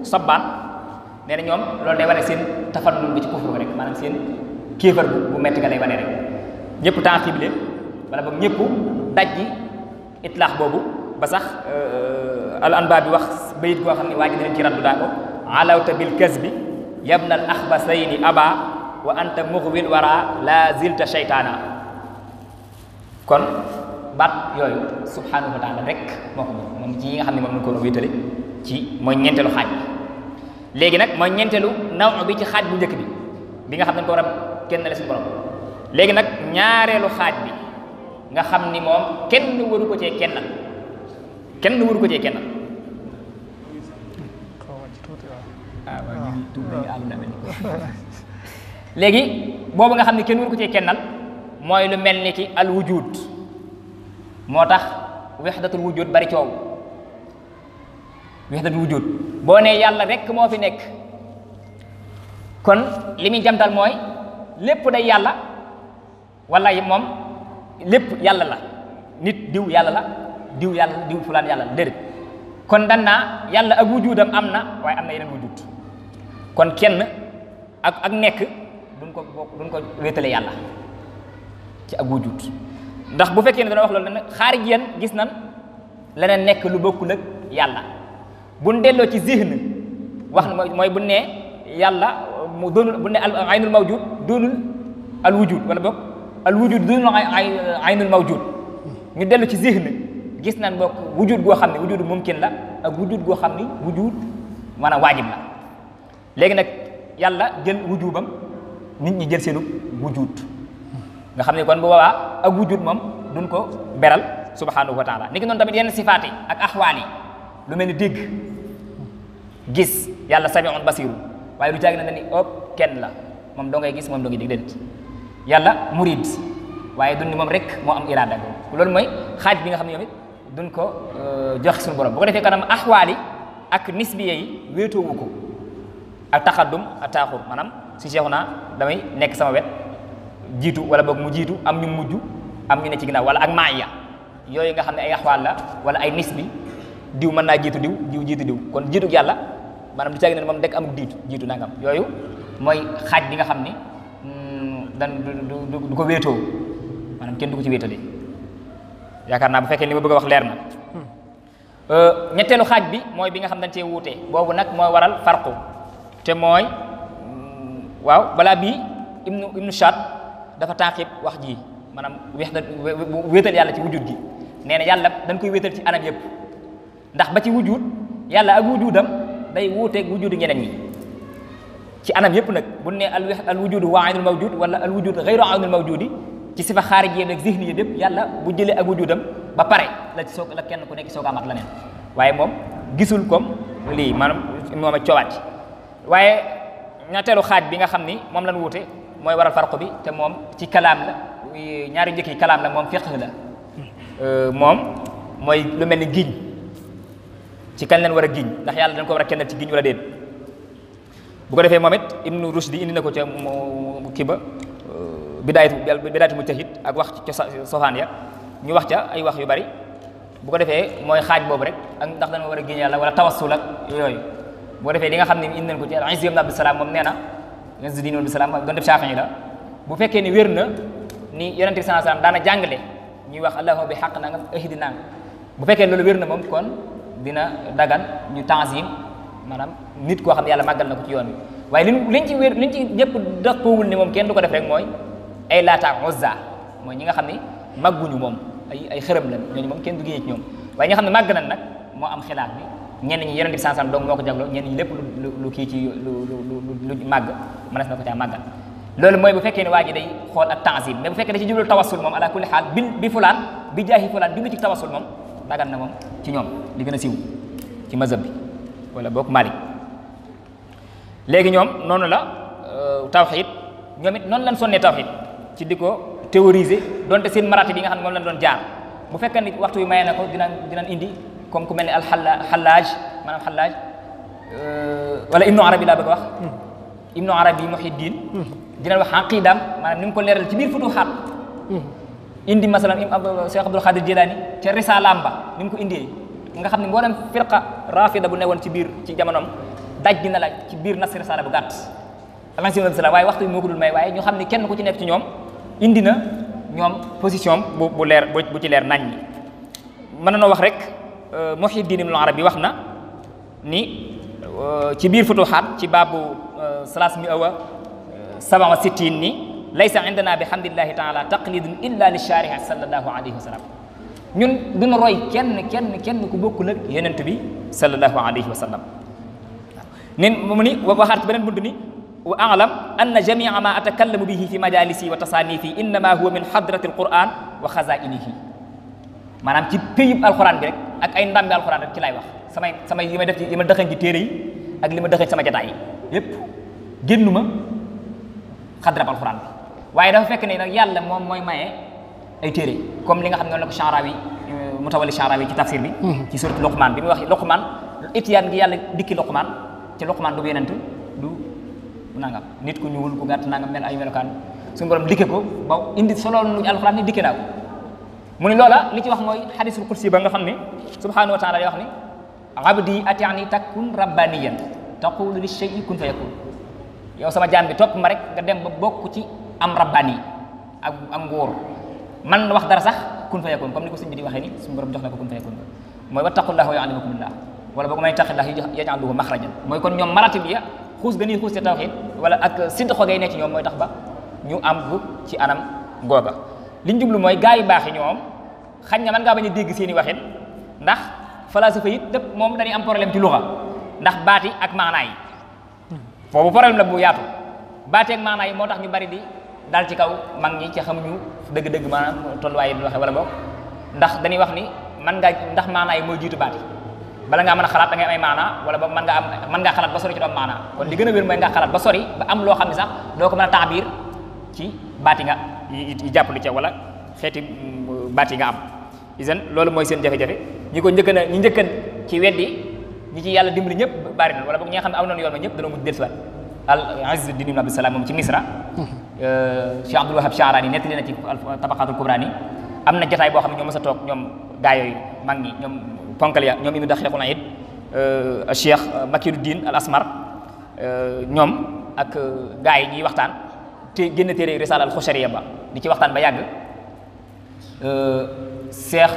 sabbaan nee na ñoom loolu day wane seen tafannul bi ci kufur rek maanaam seen kéefar bu bu métti nga lay wane rek ñëpp temps xiib wala boog ñëpp daj itlaax boobu ba sax euh, al anba bi wax bayit goo xam ne waa ji dinañ ci raddu daa ko alawta bil kasbi yabna al axbasayni aba wa anta muxwil wara la zilta shaytaana baat yooyu subhanahu wa taala rek moom moom nga xam ne moom lañ ko wéetale ci mooy ñeenteelu xaaj bi léegi nag mooy ñeenteelu naw bi ci xaaj bu njëkk bi bi nga xam ne ko war kenn la suñu léegi nag ñaareelu xaaj bi nga xam ni moom kenn waru ko cee kenn kenn waru ko cee kenn léegi boobu nga xam ne kenn waru ko cee kennal mooy lu mel ni ki al moo tax wexdatul wujud bari coow wexdatul wujud boo nee yàlla rek moo fi nekk kon li muy jamtal mooy lépp day yàlla walla wala moom lépp yàlla la nit diw yàlla la diw yàlla diw fulaan yàlla la déedéet kon dan naa yàlla ak wujudam am na waaye am na yeneen wujud kon kenn ak ak nekk duñ ko duñ ko wéetale yàlla ci ak wujud ndax bu fekkee ne dana wax loolu nag xaarij yan gis nan leneen nekk lu bokkul ak yàlla buñ delloo ci zihn wax mooy bu nee yàlla mu doonul bu ne aynul mawjud doonul al wujud wala boog al wujud doonul aynul mawjud ñu dellu ci zihn gis nan boog wujud goo xam ne wujud mumkin la ak wujud goo xam ne wujud maanaam waajib la léegi nag yàlla jël wujubam nit ñi jël seenu wujud nga xam ne kon bu boobaa ak wujud moom duñ ko beral subhanahu wa taala ni ki noon tamit yenn sifaat yi ak axwaal yi lu mel ni dégg gis yàlla samiun basiru waaye du caagi na ni ëpp kenn la moom doo ngay gis moom doo ngay dégg déedéet yàlla waaye duñ ni rek moo am iraada mooy xaaj bi nga xam ne ñoom ko euh, jox suñu borom bu ko defee kanam axwaal yi ak nisbiye yi wéetoowu ko ak taxaddum ak taaxur maanaam si seexu naa damay nekk sama wet jiitu wala boog mu jiitu am ñu mujj am ñu ne ci ginaaw wala ak maaya yooyu nga xam ne ay axwaal la wala ay nisbi diw man naa jiitu diw diw jiitu diw kon jiitu yàlla maanaam du caagi ne moom dekk amul jiitu jiitu nangam yooyu mooy xaaj bi nga xam ne mm, dan du ko wéetoo maanaam kenn du ko ci wéetale yaakaar naa bu fekkee li ma bëgg a wax leer na hmm. euh, ñetteelu xaaj bi mooy bi nga xam dañ cee wuute boobu nag mooy waral farqu te mooy mm, waaw balaa bii ibnu ibnu chat dafa taaxib wax ji maanaam weex da wéetal yàlla ci wujud gi nee na yàlla dañ koy wéetal ci anam yëpp ndax ba ci wujud yàlla ak wujudam day wuuteeg wujudu ñeneen ñi ci anam yëpp nag bu ne al al wujudu waahidul mawjud wala al wujud ghayru waahidul mawjudi ci sifa xaarij yi ak zihni yi yàlla bu jëlee ak wujudam ba pare la ci la kenn ku nekk soog amaat leneen waaye moom gisul comme lii maanaam moom a coowaat waaye ñetteelu xaaj bi nga xam ni moom lañ wuute mooy waral farq bi te moom ci kalaam la ñaari njëkk yi kalaam la moom fiqh la euh, moom mooy lu mel ni giñ ci kañ leen war a giñ ndax yàlla dañ ko war a kennal ci giñ wala déet bu ko defee moom it ibnu rushdi indi na ko ca kii ba euh, bidaayatu bidaayatu mujtahid ak wax ci sofaan ya ñu wax ca ay wax yu bari bu defee mooy xaaj boobu rek ak ndax dañoo war a giñ yàlla wala tawassul yooyu bu ko defee li nga xam ne indi nañ ko ci al-Izz ibn Abdussalam moom nee na yonent diine bi salaam doon def Shaafi'i la bu fekkee ni wér na ni yonent bi salaam daana jàngale ñuy wax allahumma bi xaq na nga ahidi bu fekkee loolu wér na moom kon dina dagan ñu tanzim maanaam nit koo xam yàlla màggal na ko ci yoon wi waaye liñ liñ ci wér liñ ci ñëpp dëppoowul ni moom kenn du ko def rek ay laata Uzza mooy ñi nga xam ne màgguñu moom ay ay xërëm la ñooñu moom kenn du génne ci ñoom waaye ñi nga xam ne màgg nañ nag moo am xilaat bi ñenn ñi yonent bi sansan doog moo ko jagloo ñenn ñi lépp lu lu kii ci lu lu màgg mënees na ko caa màggal loolu mooy bu fekkee ne waa ji xool ak tanzim mais bu fekkee da ci jublu tawassul moom ala kulli xaal bi bi fulaan bi jaahi fulaan bi ci tawassul moom dagan na moom ci ñoom li gën a siw ci mazhab bi wala boog maali léegi ñoom noonu la euh, tawxid ñoom it noonu lañ sonnee tawxid ci di ko théoriser donte seen maraati bi nga xam ne moom lañ doon jaar bu fekkee ni waxtu yu maye na ko dinañ dinañ indi comme ku mel ni alxalla xallaaj maanaam xallaaj euh, wala ibnu arabi laa bëgg a wax hmm. ibnu arabi muhiddin hmm. dina wax aqidaam maanaam ni mu ko leeral ci biir futuxaat hmm. indi masalan im Cheikh Abdul Xaadir Jilaani ca risaalaam ba ni mu ko indee nga xam ne mboolem firqa rafida bu newoon ci biir ci jamonoom daj dina la ci biir nas risaala bu gàtt alhamdulilah bisimilah waaye waxtu bi may waaye ñu xam ne kenn ku ci nekk ci ñoom indi na ñoom position bu bu leer bu ci leer nañ ñi mën wax rek Euh, Muhyiddin Ibn Arabi wax na ni euh, ci biir futuxaat ci baabu euh, salaas mi awa sab'a wa sittin ni laysa indana bi hamdillahi taala taqlidun illa li shaarihi sallallahu alayhi wa sallam ñun duñu roy kenn kenn kenn ku bokkul ak yenent bi sallallahu alayhi wa sallam nin mu ni waxaat ci beneen bunt ni wa alam anna jamia ma atakallamu bihi fi majalisi wa tasanifi innama huwa min hadrati alquran wa xazainihi maanaam ci péyub alxuraan bi rek ak ay ndàmbi alxuraan rek ci lay wax samay samay yi ma def ci li ma dëxañ ci téere yi ak li ma dëxañ sama jataay yi yépp génnuma xadrab alxuraan bi waaye dafa fekk ne nag yàlla moom mooy maye ay téere comme li nga xam ne la ko Sha'rawi euh, mutawalli Sha'rawi ci tafsir bi hmm. ci suratu Luqman bi mu wax Luqman itiyaan gi yàlla dikki Luqman ci Luqman du yonent du nangam nit ku ñuul ku gàtt nangam mel ay melokaan suñu borom dikke ko ba solo lu mu ne loola li ci wax mooy xadisul kursi ba nga xam ne subhanahu wa taala day wax ni abdi atiani takkun rabbaniyan taqulu li shay'i kun fa yakun yow sama jaam bi topp ma rek nga dem ba bokk ci am rabbani ak am nguur man wax dara sax kun fa yakun comme ni ko sëñ bi di waxee ni suñu borom jox na ko kun fa yakun mooy wattaqullaha wa yu'allimukumullah wala boog may taqillahi yaj'al lahu maxrajan ñoom maratib ya xuus gëni xuus ci tawxid wala ak sidqo gay ne ci ñoom mooy tax ba ñu am bu ci anam googa li jublu mooy gaa baax yi ñoom xañ na mën ngaa bañ a dégg seen i waxin ndax falasifa yi dëpp moom dañuy am problème ci luxa ndax baati ak maanaa yi boobu problème la bu yaatu baati ak yi moo tax ñu bari di dal ci kaw mag ñi ci xamuñu dëgg-dëgg maanaam tolluwaay bi waxee wala boog ndax dañuy wax ni man ngaa ndax maanaa yi mooy jiitu baati bala ngaa mën a xalaat da ngay am ay maanaa wala nga am mën ngaa xalaat ba sori ci doom maanaa kon li gën a wér mooy nga xalaat ba sori ba am loo xam ne sax doo ko mën a taabiir ci baat yi nga yi jàppalu ca wala xeeti mm, baat yi nga am isan loolu mooy seen jafe-jafe ñi ko njëkkan a ñi njëkkan ci weddi ñi ci yàlla dimbali ñëpp bari na wala boog ñi nga xam ne aw nañu yoon ba ñëpp dana mujj dellusiwaat al Izzuddin ibn Abdusalaam moom ci misra euh, Cheikh Abdul Wahab Shaaraani nettali na ci tabaqaatul kubraani am na jotaay boo xam ne ñoom mës a toog ñoom gaa yooyu mag ñi ñoom ponkal ya ñoom ibnu daqiiqul iid euh, Cheikh Makiruddin al Asmar euh, ñoom ak gaa yi ñuy waxtaan té génn téere risaala al xushariya ba di ci waxtaan ba yàgg euh, seex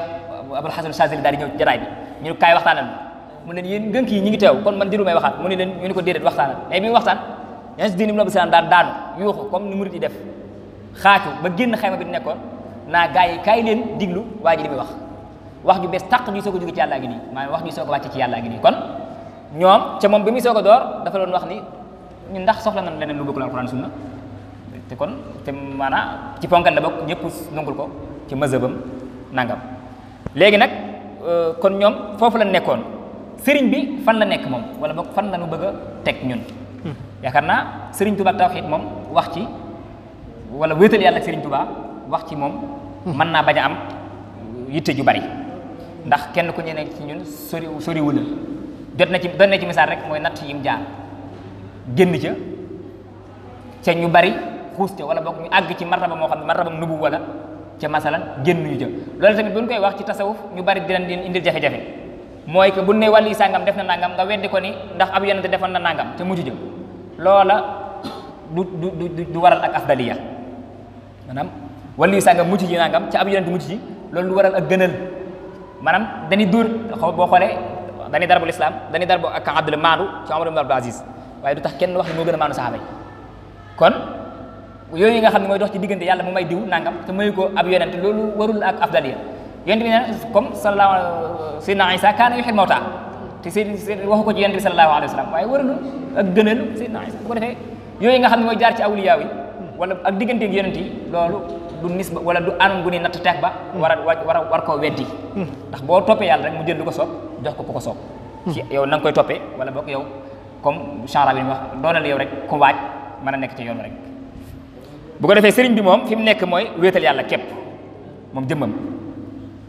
abul xasan Saazili daal di ñëw jataay bi ñu kaay waxtaanal mu ne yéen ngënk yi ñi ngi teew kon man diru may waxaat mu ne leen ñu ne ko déedéet waxtaanal mais eh, bi mu waxtaan Yaziid diin ibn Abi Sufyaan daan daanu yuuxu comme ni bi nekkoon naa gars yi kaay leen diglu waa ji li muy wax wax ju bees tàq ju soog a jóge ci nii wax ju soog a ci yàllaa gi nii kon ñoom ca moom bi muy soog a door dafa doon wax ni ñun ndax soxla nañ leneen lu bokkul alquran sunna te kon te maanaa ci ponkal la bokk ñépp nungul ko ci mazhabam nangam léegi nag euh, kon ñoom foofu la nekkoon sëriñ bi fan la nekk moom wala boog fan la nu bëgg a teg ñun hmm. yaakaar naa sëriñ Tuubaa tawxiid moom wax ci wala wéetal yàlla sëriñ Tuubaa wax ci moom hmm. mën naa bañ a am yitte ju bari ndax kenn ku ñu ne ci ñun sori soriwul jot na ci doon ci misaal rek mooy natt yim jaar génn ca ca ñu bari xuus ca wala boog ñu àgg ci martaba moo xam ne martabam nubu wala ca masalan génn ñu jëm loolu tamit bu ñu koy wax ci tasawuf ñu bari dinañ leen indil jafe-jafe mooy que bu ne wàllu sàngam def na nangam nga weddi ko ni ndax ab yonente defoon na nangam te mujj jëm loola du du du waral ak afdaliya maanaam wàllu sàngam mujj ji nangam ca ab yonente mujj ji loolu lu waral ak gënal maanaam dañuy dóor xaw boo xoolee dañuy darbul islam dañuy darbu ak abdul maanu ci Omar ibn Abdul Aziz waaye du tax kenn wax ni moo gën a maanu saxaaba yooyu nga xam ne mooy dox ci diggante yàlla mu may diw nangam te mayu ko ab yonent loolu warul ak afdaliya yonent bi ne comme sallallahu sayyidina Isa kaana yuhil mawta te seen waxu ko ci yonent bi sallallahu alayhi wa sallam waaye warul ak gënal sayyidina yooyu nga xam ne mooy jaar ci awliyaa yi wala ak diggante ak yi loolu du nis ba wala du anam gu ni natt ba war a war a war koo weddi ndax boo toppee yàlla rek mu jël lu ko soob jox ko ku ko soob hmm. ci yow na koy toppe wala boog yow comme chanra bi wax doonal yow rek ko waaj mën a nekk ci yoon rek bu ko defee seriñ bi moom fi mu nekk mooy wéetal yàlla képp moom jëmmam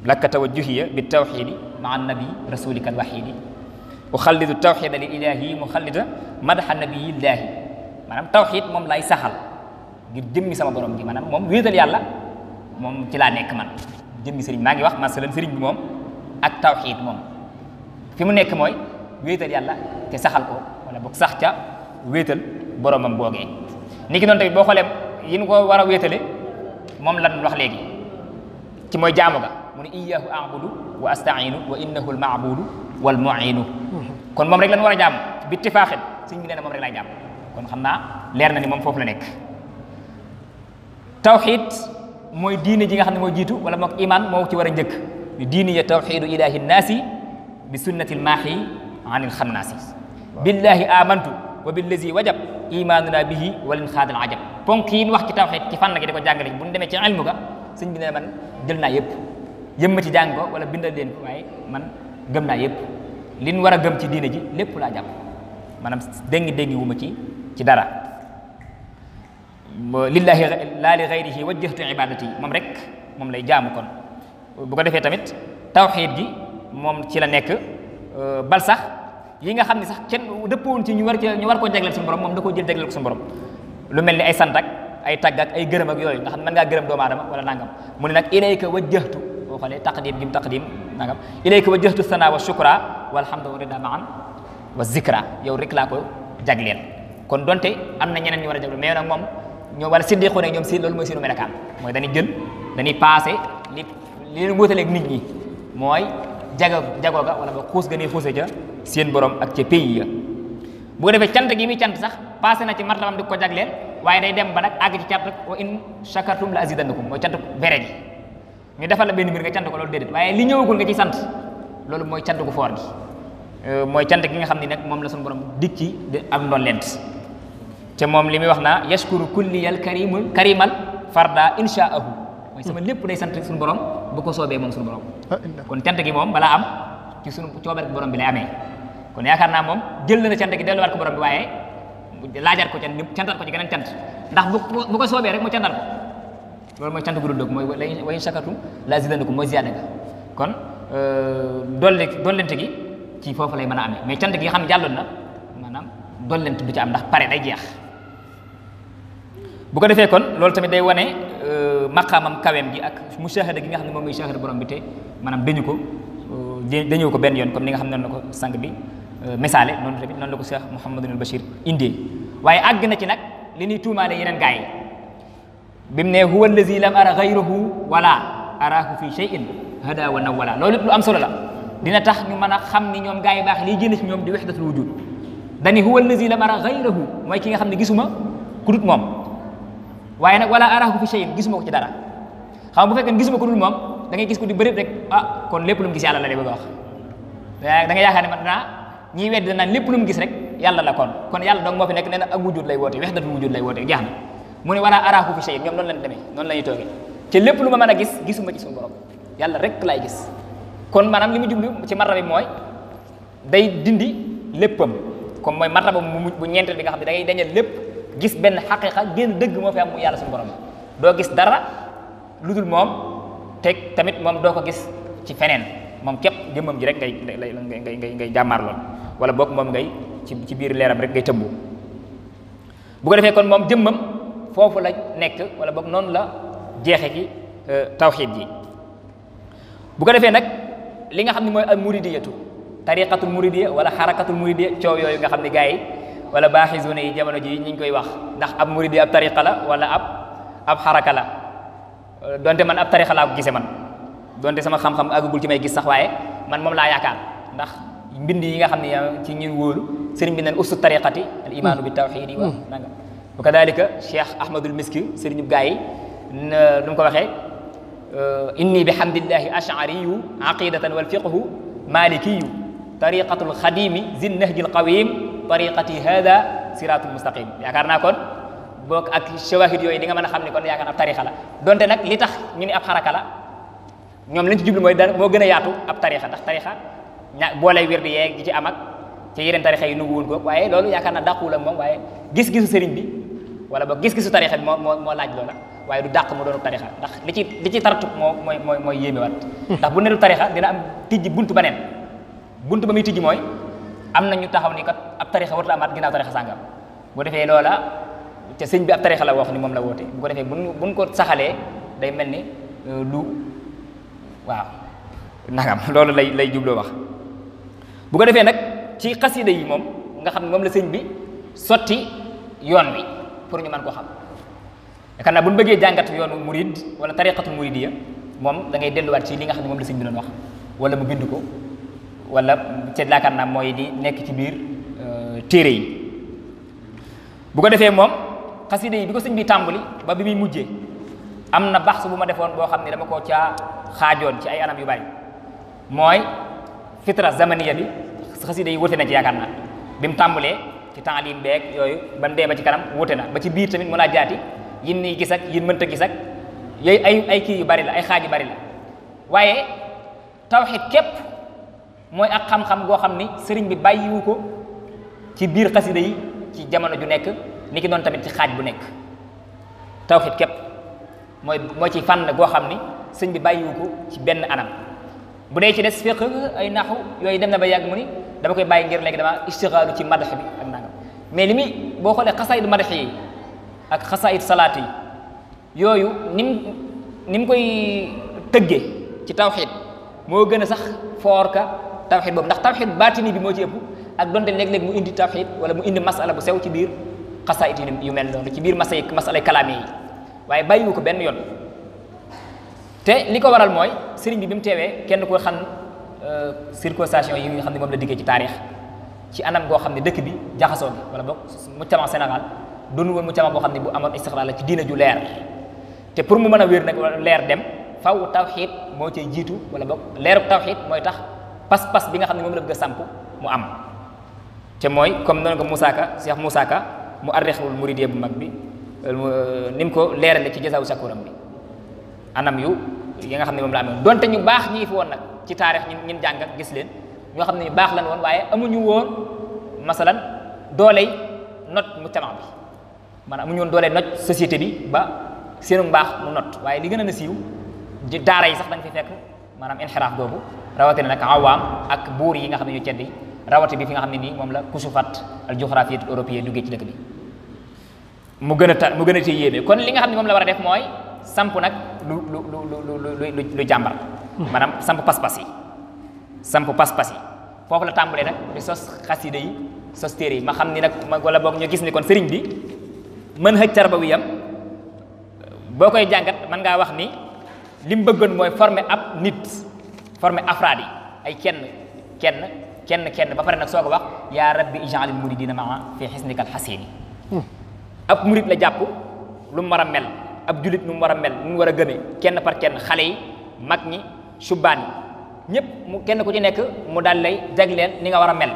lakka tawajjuhiya bi tawxidi maa nabi rasulika alwahidi uxallidu tawxida lil ilahi muxallida madaxa nabiyillaahi maanaam tawxid moom lay saxal ngir jëmmi sama borom gi maanaam moom wéetal yàlla moom ci laa nekk man jëmmi sëriñ maa ngi wax masalan seriñ bi moom ak tawxid moom fi mu nekk mooy wéetal yàlla te saxal ko wala boog sax ca wéetal boromam boogee ni ki noonu tamit boo yi ñu ko war a wéetale moom lan wax léegi ci mooy jaamu ga mu ne iyyahu a'budu wa asta'iinu wa innahu al-ma'budu wal mu'iinu kon moom rek lañ war a jaamu bi ittifaaxin sëñ bi na moom rek laay jaam kon xam naa leer na ni moom foofu la nekk tawxiid mooy diine ji nga xam ne moo jiitu wala mook iman moo ci war a njëkk ni diine ya tawxiidu ilaahi nnaasi bi sunnati lmaahi an ilxannaasi billahi amantu wa billazi wajab imaanuna bihi walin xaadal ajab ponk yi wax ci tawxiid ci fànn gi di ko jàngale bu ñu demee ci ilmu ga sëñ bi ne man jël naa yëpp yëmmati jàng ko wala bindal leen ko man gëm naa yëpp lin ñu war a gëm ci diine ji lépp laa jàpp maanaam déngi déngi wu ci ci dara lillahi laa li gayrihi wajjahtu moom rek moom lay jaamu kon bu ko defee tamit tawxiid gi moom ci la nekk bal sax yi nga xam ne sax kenn dëppoon ci ñu war ñu war koo jagleel suñu borom moom da koo jël jagleel ko suñu lu mel ni ay sant ak ay tàgg ak ay gërëm ak yooyu nga xam ne mën ngaa gërëm doomu aadama wala nangam mu ne nag ilayka wajjahtu boo xoolee taqdim gi mu taqdim nangam ilayka wajjahtu sana wa shukra walhamdu rida maan wa zikra yow rek laa ko jagleel kon donte am na ñeneen ñu war a jagleel mais nag moom ñoom wala siddiqu ne ñoom si loolu mooy seenu melakaan mooy dañuy jël dañuy passé li li leen nit ñi mooy jago jago ga wala ba xuus ga ne xuuse ca seen borom ak ca pays ya bu ko cant gi muy cant sax passé na ci martabam di ko jagleel waaye day dem ba nag àgg ci cant rek wa in shakartum la azidannakum mooy ñu defal la benn mbir nga cant ko loolu déedéet waaye li ñëwagul nga ci sant loolu mooy cant gu foor gi euh, mooy cant gi nga xam ne nag moom la suñu borom dikk di am ndolleent te moom li muy wax naa yashkuru kulliyal karimul karimal farda inshaahu mooy sama lépp day sant suñu borom bu ko soobee moom suñu borom ah, kon cant gi moom balaa am ci suñu coobare gi borom bi lay amee kon yaakaar naa moom jël na cant gi delluwaat ko borom bi waaye laajaat ko cant ni cantaat ko ci geneen cant ndax bu bu ko soobee rek mu cantaat ko loolu mooy cant gu dul dëgg mooy wa in shakartum la azidannakum mooy ziyaada ga kon euh, dolli dollente gi ci foofu lay mën a amee mais cant gi nga xam ne na maanaam dollente du ci am ndax pare day jeex bu ko defee kon loolu tamit day wane Euh, maqaamam kaweem gi ak mushahada gi nga xam ne moom mooy shahada borom bi te maanaam dañu ko euh, dañu ko benn yoon comme ni nga xam ne noonu la ko sang bi euh, misaale noonu tamit noonu la ko Cheikh Mouhamadul Bachir indee waaye àgg na ci nag li ñuy tuumaale yeneen gaa yi bi mu ne huwa allazi lam ara gayrahu wala araahu fi shay'in hada wa nawala loolu lu am solo la dina tax ñu mën a xam ni ñoom gaa yi baax liy génn ci ñoom di wahdatul wujud dani huwa allazi lam ara gayrahu mooy ki nga xam ne gisuma ku dut moom waaye nag wala arahu fi shay'in gisuma ko ci dara xam bu fekkee gisuma ko moom da ngay gis ko di bëri rek ah kon lépp lu mu gis yàlla la de bëgg da nga yaakaar ne man naa ñiy wedd lépp lu mu gis rek yàlla la kon kon yàlla dong moo fi nekk nee na ak wujud lay woote wex datul wujud lay woote jeex na mu ne wala arahu fi shay'in ñoom noonu lañ demee la ñuy ci lépp lu ma mën gis gisuma ci suñu borom yàlla rek lay gis kon maanaam li mu jublu ci marra bi mooy day dindi léppam comme mooy marra bu ñeenteel bi nga xam ne da ngay dañal lépp gis benn xaqiqa génn dëgg moo fi am yàlla suñu borom doo gis dara lu dul moom teg tamit moom doo ko gis ci feneen moom képp jëmmam ji rek ngay ngay ngay ngay ngay jàmmaar lool wala boog moom ngay ci ci biir leeram rek ngay tëmbu bu ko defee kon moom jëmmam foofu la nekk wala boog noonu la jeexe ci euh, tawxiid ji bu ko defee nag li nga xam ni mooy al muridiyatu tariqatul muridiyya wala xarakatul muridiyya coow yooyu nga xam ne gars yi wala baaxisuuna yi jamono ji ñu ngi koy wax ndax ab murid ab tariqa la wala ab ab xaraka la donte man ab tariqa laa ko gisee man donte sama xam-xam àggagul ci may gis sax waaye man moom laa yaakaar ndax mbind yi nga xam ne ci ñun wóolu sëriñ bi neen ussu tariqati al bi tawxiidi wa hmm. nanga bu kadalika cheikh ahmadul miski sëriñu gaa yi nu mu ko waxee euh, inni bi hamdillahi ashariyu aqidatan wal fiqhu malikiyu tariqatul xadimi zin nahjil qawim tariqati hada siratul mustaqim yaakaar naa kon boo ak shawahid yooyu di nga mën a xam ni kon yaakaar ab tarixa la donte nag li tax ñu ni ab xaraka la ñoom lañ ci jublu mooy daan moo gën a yaatu ab tarixa ndax tarixa ña boolay wér di yeeg di ci am ak ci yeneen tarixa yi nungu woon ko waaye loolu yaakaar naa dàquwul ak moom waaye gis-gisu sëriñ wala ba gis-gisu tarixa bi moo moo moo laaj loola waaye du dàq mu doonu tarixa ndax li ci li ci tartu moo mooy mooy mooy yéeme wat hmm. ndax bu ne du tarixa dina am tijji buntu beneen buntu ba muy tijji mooy am na ñu taxaw ni kat ab tarixa warta naa ginnaaw tarixa sàngam bu defee loola te sëñ bi ab tarixa la wax ni moom la woote bu ko defee buñ buñ ko saxalee day mel ni du euh, waaw nangam loolu lay lay jubloo wax bu ko defee nag ci xasida yi moom nga xam moom la sëñ bi sotti yoon wi pour ñu man koo xam yaakaar naa bu ñu bëggee jàngat yoonu murid wala tariqatu muridiyya moom da ngay delluwaat ci li nga xam ne moom la sëñ bi doon wax wala mu bind ko wala ca laakaar naa mooy di nekk ci biir euh, téere yi bu ko defee moom xasida yi bi ko sëñ bi tàmbali ba bi muy mujjee am na baxsu bu ma defoon boo xam ne dama ko caa xaajoon ci ay anam yu bari mooy fitra zamaniya bi xasida yi wute na ci yaakaar naa bi mu tàmbalee ci taalim beeg yooyu ba mu dee ba ci kanam wute na ba ci biir tamit mun a jaati yin nii gis ak yin mënta gis ak yooyu ay ay kii yu bari la ay xaaj yu bari la waaye tawxid képp mooy ak xam-xam goo xam ni sëriñ bi bàyyiwu ko ci biir xasida yi ci jamono ju nekk ni ki doon tamit ci xaaj bu nekk tawxid képp mooy mooy ci fànn goo xam ni sëriñ bi bàyyiwu ko ci benn anam bu dee ci des fiq ay naxu yooyu dem na ba yàgg mu ni dama koy bàyyi ngir léegi dama istixaalu ci madax bi ak nangam mais li muy boo xoolee xasaayid madax yi ak xasaayid salaat yi yooyu nim ni mu koy tëggee ci tawxid moo gën a sax foor ka tawxid boobu ndax tawxid baatini bi moo ci ëpp ak donte léeg-léeg mu indi tawxid wala mu indi masala bu sew ci biir xasaayit yu mel noonu ci biir masay masalay kalaame yi waaye bàyyiwu ko benn yoon te li ko waral mooy sëriñ bi bi mu teewee kenn ko xam euh, circonstation yi nga xam ne moom la diggee ci taarix ci anam goo xam ne dëkk bi jaxasoo bi wala boog muccama Sénégal doonu mu muccama boo xam ne bu amoon istixlaal la ci diina ju leer te pour mu mën a wér nag leer dem faw tawxiid moo cay jiitu wala boog leerub tawxiid mooy tax pas-pas bi nga xam ne moom la bëgg a samp mu am te mooy comme noonu ko Moussa Ka Cheikh Moussa Ka mu arrixul muridee bu mag bi euh, euh, ni mu ko leerale ci jasaawu sakuram bi anam yu yi nga xam ne moom la amee donte ñu baax ñii fi woon nag ci taarix ñun ñun jàng gis leen ñoo xam ne ñu baax lan woon waaye amuñu woon masalan dooley not mujtama bi maanaam amuñu woon dooley not société bi ba seenu mbaax mu not waaye li gën a na siiw daara yi sax dañ fi fekk maanaam inxiraaf boobu rawatina nag awaam ak buur yi nga xam ne ñu ceddi rawati bi fi nga xam ne nii moom la kusufat al géographie européen duggee ci dëkk bi mu gën a ta mu gën a tee yéeme kon li nga xam ne moom la war a def mooy samp nag lu lu lu lu lu jàmbar maanaam samp pas-pas yi samp pas-pas yi foofu la tàmbalee nag di sos xasida yi sos téere yi ma xam ni nag wala boog ñu gis ni kon sëriñ bi mën hëj tarbawiyam boo koy jàngat mën ngaa wax ni li mu bëggoon mooy former ab nit formé afraad yi ay kenn kenn kenn kenn ba pare nag soo ko wax yaa rabbi ijaalil muridina maa fi ka xasini hmm. ab murid la jàpp lu mu a mel ab julit nu mu war a mel nu mu war a gëmee kenn par kenn xale yi mag ñi subbaan yi ñëpp mu kenn ku ci nekk mu daal lay jagleen ni nga war a mel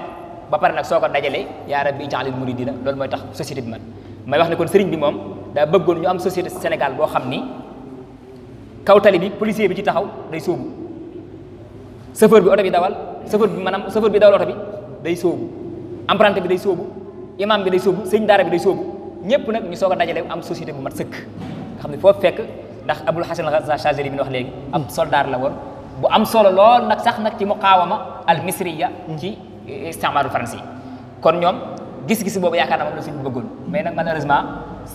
ba pare nag soo ko dajalee yaa rabbi ijaalil muridina loolu mooy tax société bi man may wax ne kon sëriñ bi moom daa bëggoon ñu am société Sénégal boo xam ni kaw tali ci taxaw chauffeur bi oto bi dawal chauffeur bi maanaam chauffeur bi dawal oto bi day sóobu emprunté bi day sóobu imam bi day sóobu sëñ daara bi day sóobu ñëpp nag ñu soog a dajale am société bu mat sëkk nga xam ne foofu fekk ndax abul hasan al-Shazali bi ñu wax léegi ab hmm. soldaar la woon bu am solo lool nag sax nag ci muqaawama al misriya hmm. ci eh, istimaaru français yi kon ñoom gis-gis boobu yaakaar naa moom la suñu bëggoon mais na malheureusement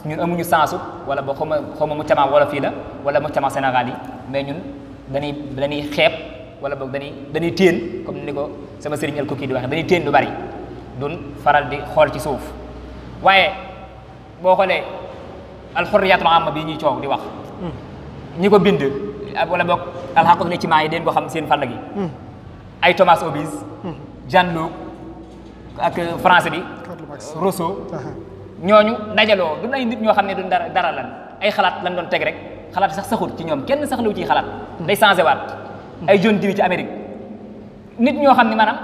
ñun amuñu sensu wala ba xaw ma xaw ma mu camaa wala fii la wala mu camaa Sénégal yi mais ñun dañuy dañuy xeeb wala boog dañuy dañuy téen comme ni ko sama sëriñ al kooki di wax dañuy téen du bari dun faral di xool ci suuf waaye boo xoolee alxurriyatul amma bi ñuy coow di wax ñi ko bind wala boog alxaqu ne ci maa yi den ko xam seen fànn gi ay Thomas Hobbes Jean-Luc ak français bi Rousseau ñooñu dajaloo du ay nit ñoo xam ne du dara dara lan ay xalaat lan doon teg rek xalaat sax saxul ci ñoom kenn sax lu ciy xalaat hmm. day changé waat ay joon diwi ci Amérique nit ñoo xam ne maanaam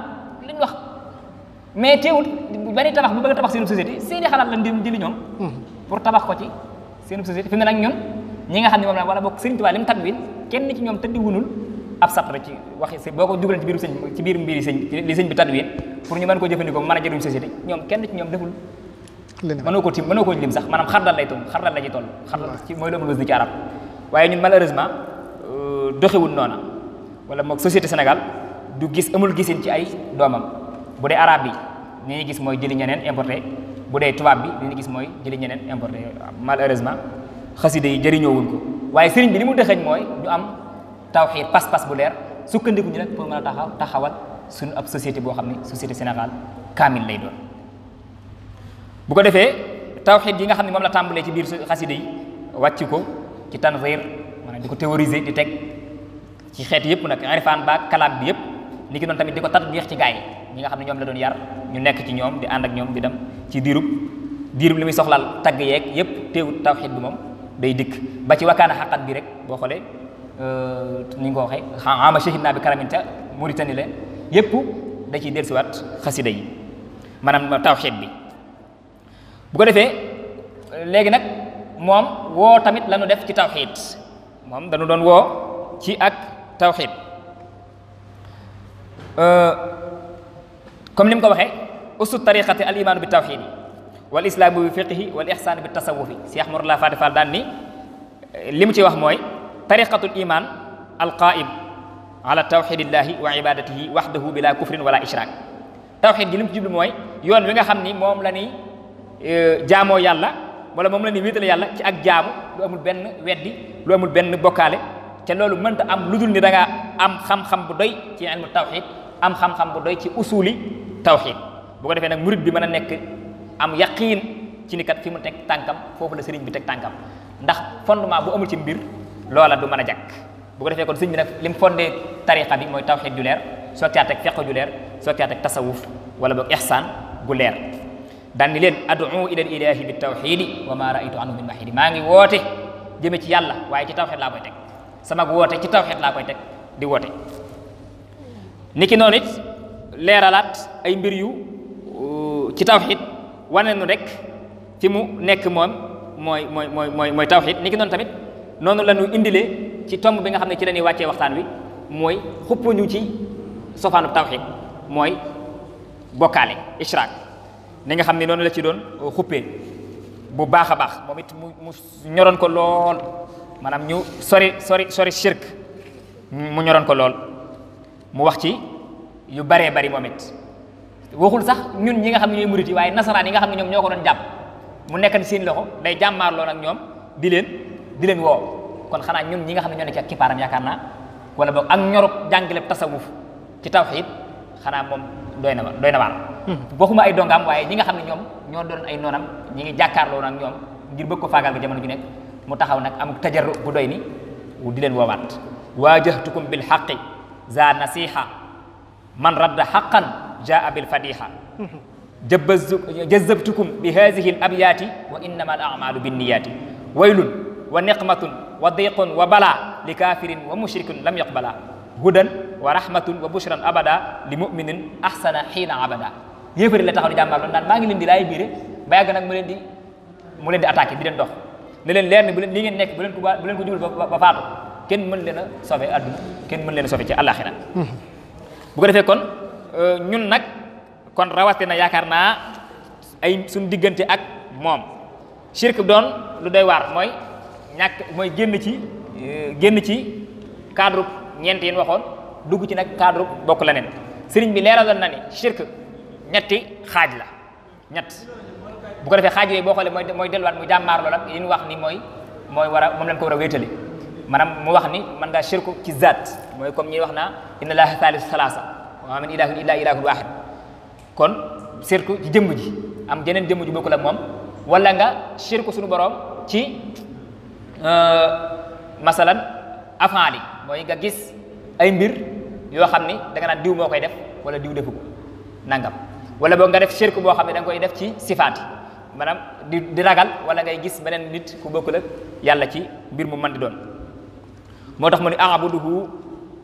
li ñu wax mais teewul bari tabax bu bëgg a tabax seen société seeni xalaat la ndim jëli ñoom hmm. pour tabax ko ci seen société fi mu ne ñun ñi nga xam ne moom la wala boog Sëriñ Tuubaa li mu tadwin kenn ci ñoom tëddi wunul ab sart ci waxi si boo ko dugalee ci biir sëñ ci biir mbiri sëñ li sëñ bi tadwin pour ñu mën ko jëfandikoo mën a jëriñ société ñoom kenn ci ñoom deful mënoo ko tim mënoo ko lim sax maanaam xardal lay toll xardal la ci toll xardal hmm. ci mooy loolu wës di ci arab waaye ñun malheureusement euh, doxiwul noona wala moog société Sénégal du gis amul gisin ci ay doomam bu dee arabe bi ni gis mooy jëli ñeneen importé bu dee tubaab bi li ñuy gis mooy jëli ñeneen importé malheureusement xasida yi jëriñoowuñ ko waaye sëriñ bi li mu dëxëñ mooy ñu am tawxiid pas-pas bu leer sukkandiku ñu nag pour mën a taxawal suñu ab société boo xam ne société Sénégal kaamil lay doon bu ko defee tawxiid yi nga xam ne moom la tàmbalee ci biir xasida yi wàcc ko ci tanzir maanaam ko théoriser di teg ci xeet yëpp nag arifaan baak kalaam bi yëpp ni ki noonu tamit di ko tatbiix ci gaay ñi nga xam ne ñoom la doon yar ñu nekk ci ñoom di ànd ak ñoom di dem ci diirub diirub li muy soxlaal tagg yeeg yëpp teewut tawxiid bi moom day dikk ba ci wakkaana xaqat bi rek boo xoolee euh, ni nga ko waxee ama shahid naa bi karaminta Muritani leen yëpp da ciy dellusiwaat xasida yi maanaam tawxiid bi bu ko defee nag moom woo tamit la def ci tawxiid moom doon woo ci ak tawxid euh, comme ni mu ko waxee usu tariqati al imaanu bi tawxid yi wal islaamu bi fiqihi wal ixsaanu bi tasawufi si ahmadullah fati fall daan ni li mu ci wax mooy tariqatul iman al qaim ala tawxidillahi wa ibadatihi waxdahu bila kufrin wala ishraak tawxid gi li mu mooy yoon wi nga xam ni moom la ni euh, jaamoo wala moom la ni wéetal yàlla ci ak jaamu lu amul benn weddi lu amul benn bokkaale ce loolu mënta am lu dul ni da am xam-xam bu doy ci ilmu tawxid am xam bu doy ci usuli tawxid bu ko defee nag murid bi mën a nekk am yaqiin ci ni kat fi mu teg tànkam foofu la sëriñ bi teg tànkam ndax fondement bu amul ci mbir loola du mën a jàkk bu ko defee kon sëriñ bi nag li mu fondé tariqa bi mooy tawxid ju leer soo caat ak fiqh ju soo caat ak tasawuf wala boog ihsaan gu leer daan ni leen ad'u ila ilahi bi tawxidi wa ma ra'aytu anhu min mahidi maa ngi woote jëme ci yàlla ci tawxid laa koy teg sama woote ci tawxeet laa koy teg di woote niki noonu it leeralaat ay mbir yu uh, ci tawxeet wane nu rek ci mu nekk moom mooy mooy mooy mooy mooy tawxeet niki noonu tamit noonu la ñu indilee ci tomb bi nga xam ne ci la ñuy wàccee waxtaan wi mooy xuppu ñu ci sofaanu tawxeet mooy bokkaale ishraak ni nga xam ne noonu la ci doon xuppee bu baax a baax moom it mu mu ñoroon ko lool. maanaam ñu sori sori sori shirk mu ñoroon ko lool mu wax ci yu baree bari moom it waxul sax ñun ñi nga xam ne ñooy murit yi waaye nasaraan yi nga xam ne ñoom ñoo ko doon jàpp mu nekk ni seen loxo day jàmmaarloo ak ñoom di leen di leen woo kon xanaa ñun ñi nga xam ne ñoo nekk ak kippaaram yaakaar naa wala boog ak ñorub jàngileb tasawuf ci tawxiid xanaa moom doy na wa doy na waar bokkuma hmm. ay dongaam waaye ñi nga xam ne ñoom ñoo doon ay noonam ñi ngi jàkkaarloo ak ñoom ngir bëgg ko faagaal ga jamono ju nekk mu taxaw nag amuk tajarru bu doy ni di leen woowaat waajahtukum bil xaqi za nasiha man radda xaqan jaa bil fadiha jazabtukum bi hadihi al abyaati wa innama al amalu binniyaati waylun wa niqmatun wa diqun wa bala li kafirin wa mushrikin lam yaqbala hudan wa rahmatun wa bushran abada li muminin ahsana xiina abada yéefari la taxaw di jàmbaar loon naan maa ngi leen di laay biire ba yàgg nag mu leen di mu leen di attaqué di leen dox ne leen leer ne bu leen li ngeen nekk bu leen ko bu leen ko jubal ba faatu kenn mën leen a sauver àdduna kenn mën leen a ci àllaaxira bu ko defee kon euh, ñun nag kon na yaakaar naa ay suñu diggante ak moom shirk doon lu doy waar mooy ñàkk mooy génn ci euh, génn ci cadre ñeent yi waxoon dugg ci nag cadre bokk leneen sëriñ bi leeralal na ni shirk ñetti xaaj la ñett bu ko defee xaaj yooyu boo xoolee mooy mooy delluwaat muy jàmmaar lool ak yi ñu wax ni mooy mooy war a moom lañ ko war a wéetali maanaam mu wax ni man ngaa shirku ci zaat mooy comme ñuy wax naa inna laaha thaalithu thalaatha wa min ilaahun illaa ilaahun waahid kon shirku ci jëmm ji am jeneen jëmm ji bokkul ak moom wala nga shirku suñu borom ci euh, masalan afaali mooy nga gis ay mbir yoo xam ni da nga naan diw moo koy def wala diw defu ko nangam wala boog nga def shirku boo xam ne da nga koy def ci sifaati maanaam di di ragal wala ngay gis beneen nit ku bokkul ak yàlla ci mbir mu man di doon moo tax mu ne abuduhu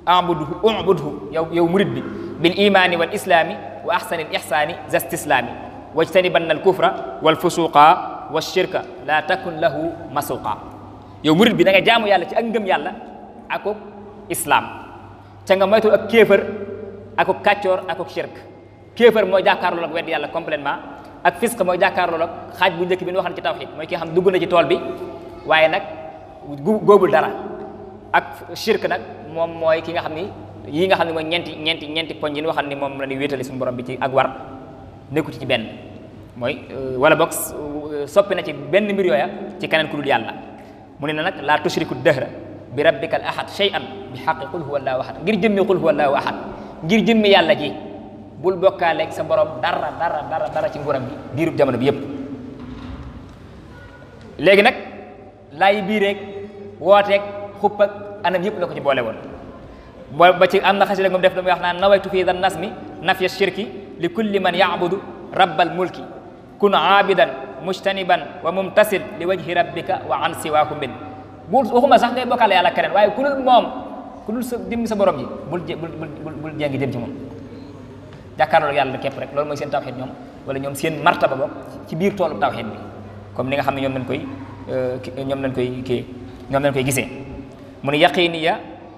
abuduhu ubudhu yow yow murid bi bil imaani wal islaami wa ahsani l ihsaani za stislaami wajtanibanna al kufra wal fusuqa wa shirka laa takun lahu masuqa yow murid bi da nga jaamu yàlla ci ak ngëm yàlla akuk islaam te nga moytu ak kéefër akuk kàccoor akuk shirk kéefër mooy jàkkaarloo ak wedd yàlla complètement ak fisq mooy jàkkaarloo ak xaaj bu njëkk bi ñu waxan ci tawxiid mooy ki xam dugg na ci tool bi waaye nag góobul dara ak shirk nag moom mooy ki nga xam ni yi nga xam ne mooy ñeenti ñeenti ñeenti poñ yi ñu waxan ni moom la ñuy wéetale suñu borom bi ci ak war nekku ci benn mooy euh, wala boog euh, soppi na ci benn mbir yooya ci keneen ku dul yàlla mu ne na nag laa tushriku dëhra bi rabbika al ahad shay'an bi xaqi qul huwa allahu ahad ngir jëmmi qul huwa allahu ahad ngir jëmmi yàlla ji bul bokkaaleeg sa borom dara dara dara ci nguuram bi diirub jamono bi yépp léegi nag lay biireeg wooteeg xupp ana anam yëpp la ci boole woon ba ci ana na xasida def da muy wax naan nawaytu fii dan nas mi nafya shirki li kulli man yaabudu rabbal mulki kun aabidan mujtaniban wa mumtasil li wajhi rabbika wa an siwaaku min bul waxuma sax ngay bokkaale moom ku dul sa dimb ji bul bul bul bul ci moom jàkkaarloog yàlla képp rek loolu mooy seen tawxiid ñoom wala ñoom seen martaba ba ci biir toolu tawxiid bi comme ni nga xam ne ñoom lañ koy euh, ñoom lañ koy kii ñoom lañ koy gisee mu ne yaqiniya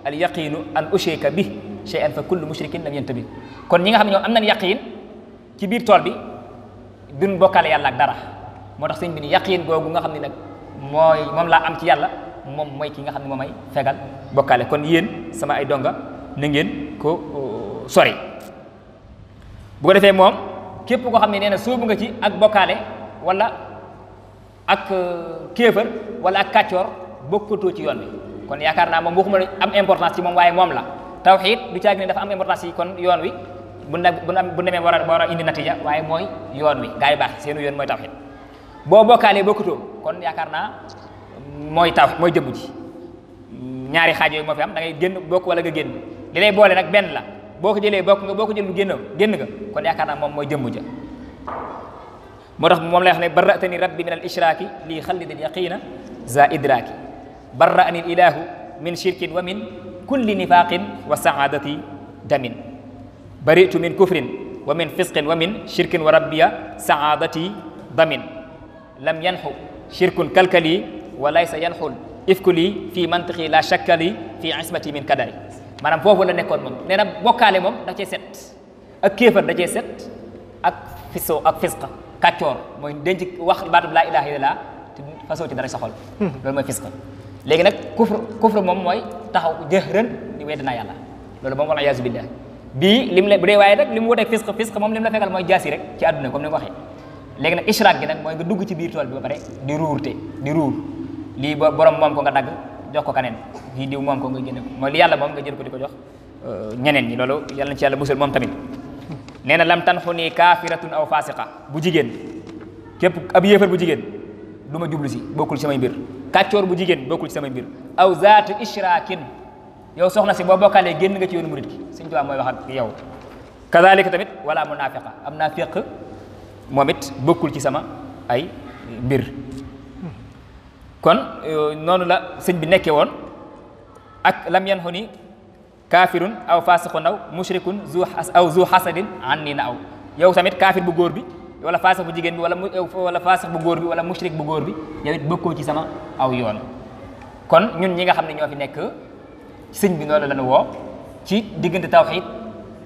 al yaqinu an ushrika bi shay'an fa kullu mushrikin lam yantabi kon ñi nga xam ne ñoom am nañ yaqin ci biir tool bi duñ bokkaale yàlla ak dara moo tax sëñ bi ni yaqin googu nga xam ne nag mooy moom laa am ci yàlla moom mooy ki nga xam ne moom ay fegal bokkaale kon yéen sama ay donga na ngeen ko euh, bu ko defee moom képp koo xam ne nee na sóobu nga ci ak bokkaale wala ak euh, kéefër wala ak kàccoor bokkatoo ci yoon wi kon yaakaar naa moom waxuma am importance ci moom waaye moom la tawxiid du caag ne dafa am importance yi kon yoon wi bu ne bu demee war a war a indi natija waaye mooy yoon wi gaa yi baax seenu yoon mooy tawxiid boo bokkaalee bokkutoo kon yaakaar naa mooy taw mooy jëmm ji ñaari xaaj yooyu moo fi am da ngay génn bokk wala nga génn li lay nag benn la. boo ko jëlee bokk nga boo ko jël lu génn génn nga kon yaakaar naa moom mooy jëmm ja moo tax moom lay wax ne barratani rabbi min al ishraaki lii xallidal yaqiina za idraaki barrani l ilaahu min shirkin wa min kulli nifaaqin wa saadati damin baritu min kufrin wa min fisqin wa min shirkin wa rabbiya saadati damin lam yanxu shirkun kalkali wa laysa yanxul ifku lii fii mantiqi la shakka li fii ismati min kadari maanaam foofu la nekkoon moom nee na bokkaale moom da cee set ak kéefar da cee set ak fiso ak fisqa kàccoor mooy denc wax baatub laa ilaaha illallaah te fasoo ci dara sa xol hmm. loolu mooy fisqa léegi nag kufr kufr moom mooy taxaw jëhrën di wedd naa yàlla loolu moom wala yaasu billah bii lim la bu dee waaye nag li mu wuteeg fisq fisq moom lim la fekkal mooy jaasi rek ci àdduna comme ni ma waxee léegi nag ishraak mooy nga dugg ci biir tool bi ba pare di ruurte di ruur lii ba borom moom ko nga dagg jox ko kaneen ñii diw moom ko nga génne ko li yàlla moom nga jël ko di ko jox euh, ñenen ñi loolu yàlla na ci yàlla musal moom tamit nee na lam tanxu nii kaafiratun aw faasiqa bu jigéen képp ab yéefar bu jigéen du ma jublu si bokkul ci samay mbir kàccoor bu jigéen bokkul ci samay mbir aw zaatu ishraakin yow soxna si boo bokkaalee génn nga ci yoonu murit ki Sëñ Tuubaa mooy wax ak yow kazalika tamit wala munaafiqa am naa féq moom it bokkul ci sama ay mbir kon euh, noonu la sëñ bi nekkee woon ak lam yan xu ni kaafirun aw faasiqun aw mushrikun zu aw zu xasadin an nii na aw yow tamit kaafir bu góor bi wala faasiq bu jigéen bi wala euh, wala faasiq bu góor bi wala mushrik bu góor bi yow it bokkoo ci sama aw yoon kon ñun ñi nga xam ne ñoo fi nekk sëñ bi noonu la ñu woo ci diggante tawxiid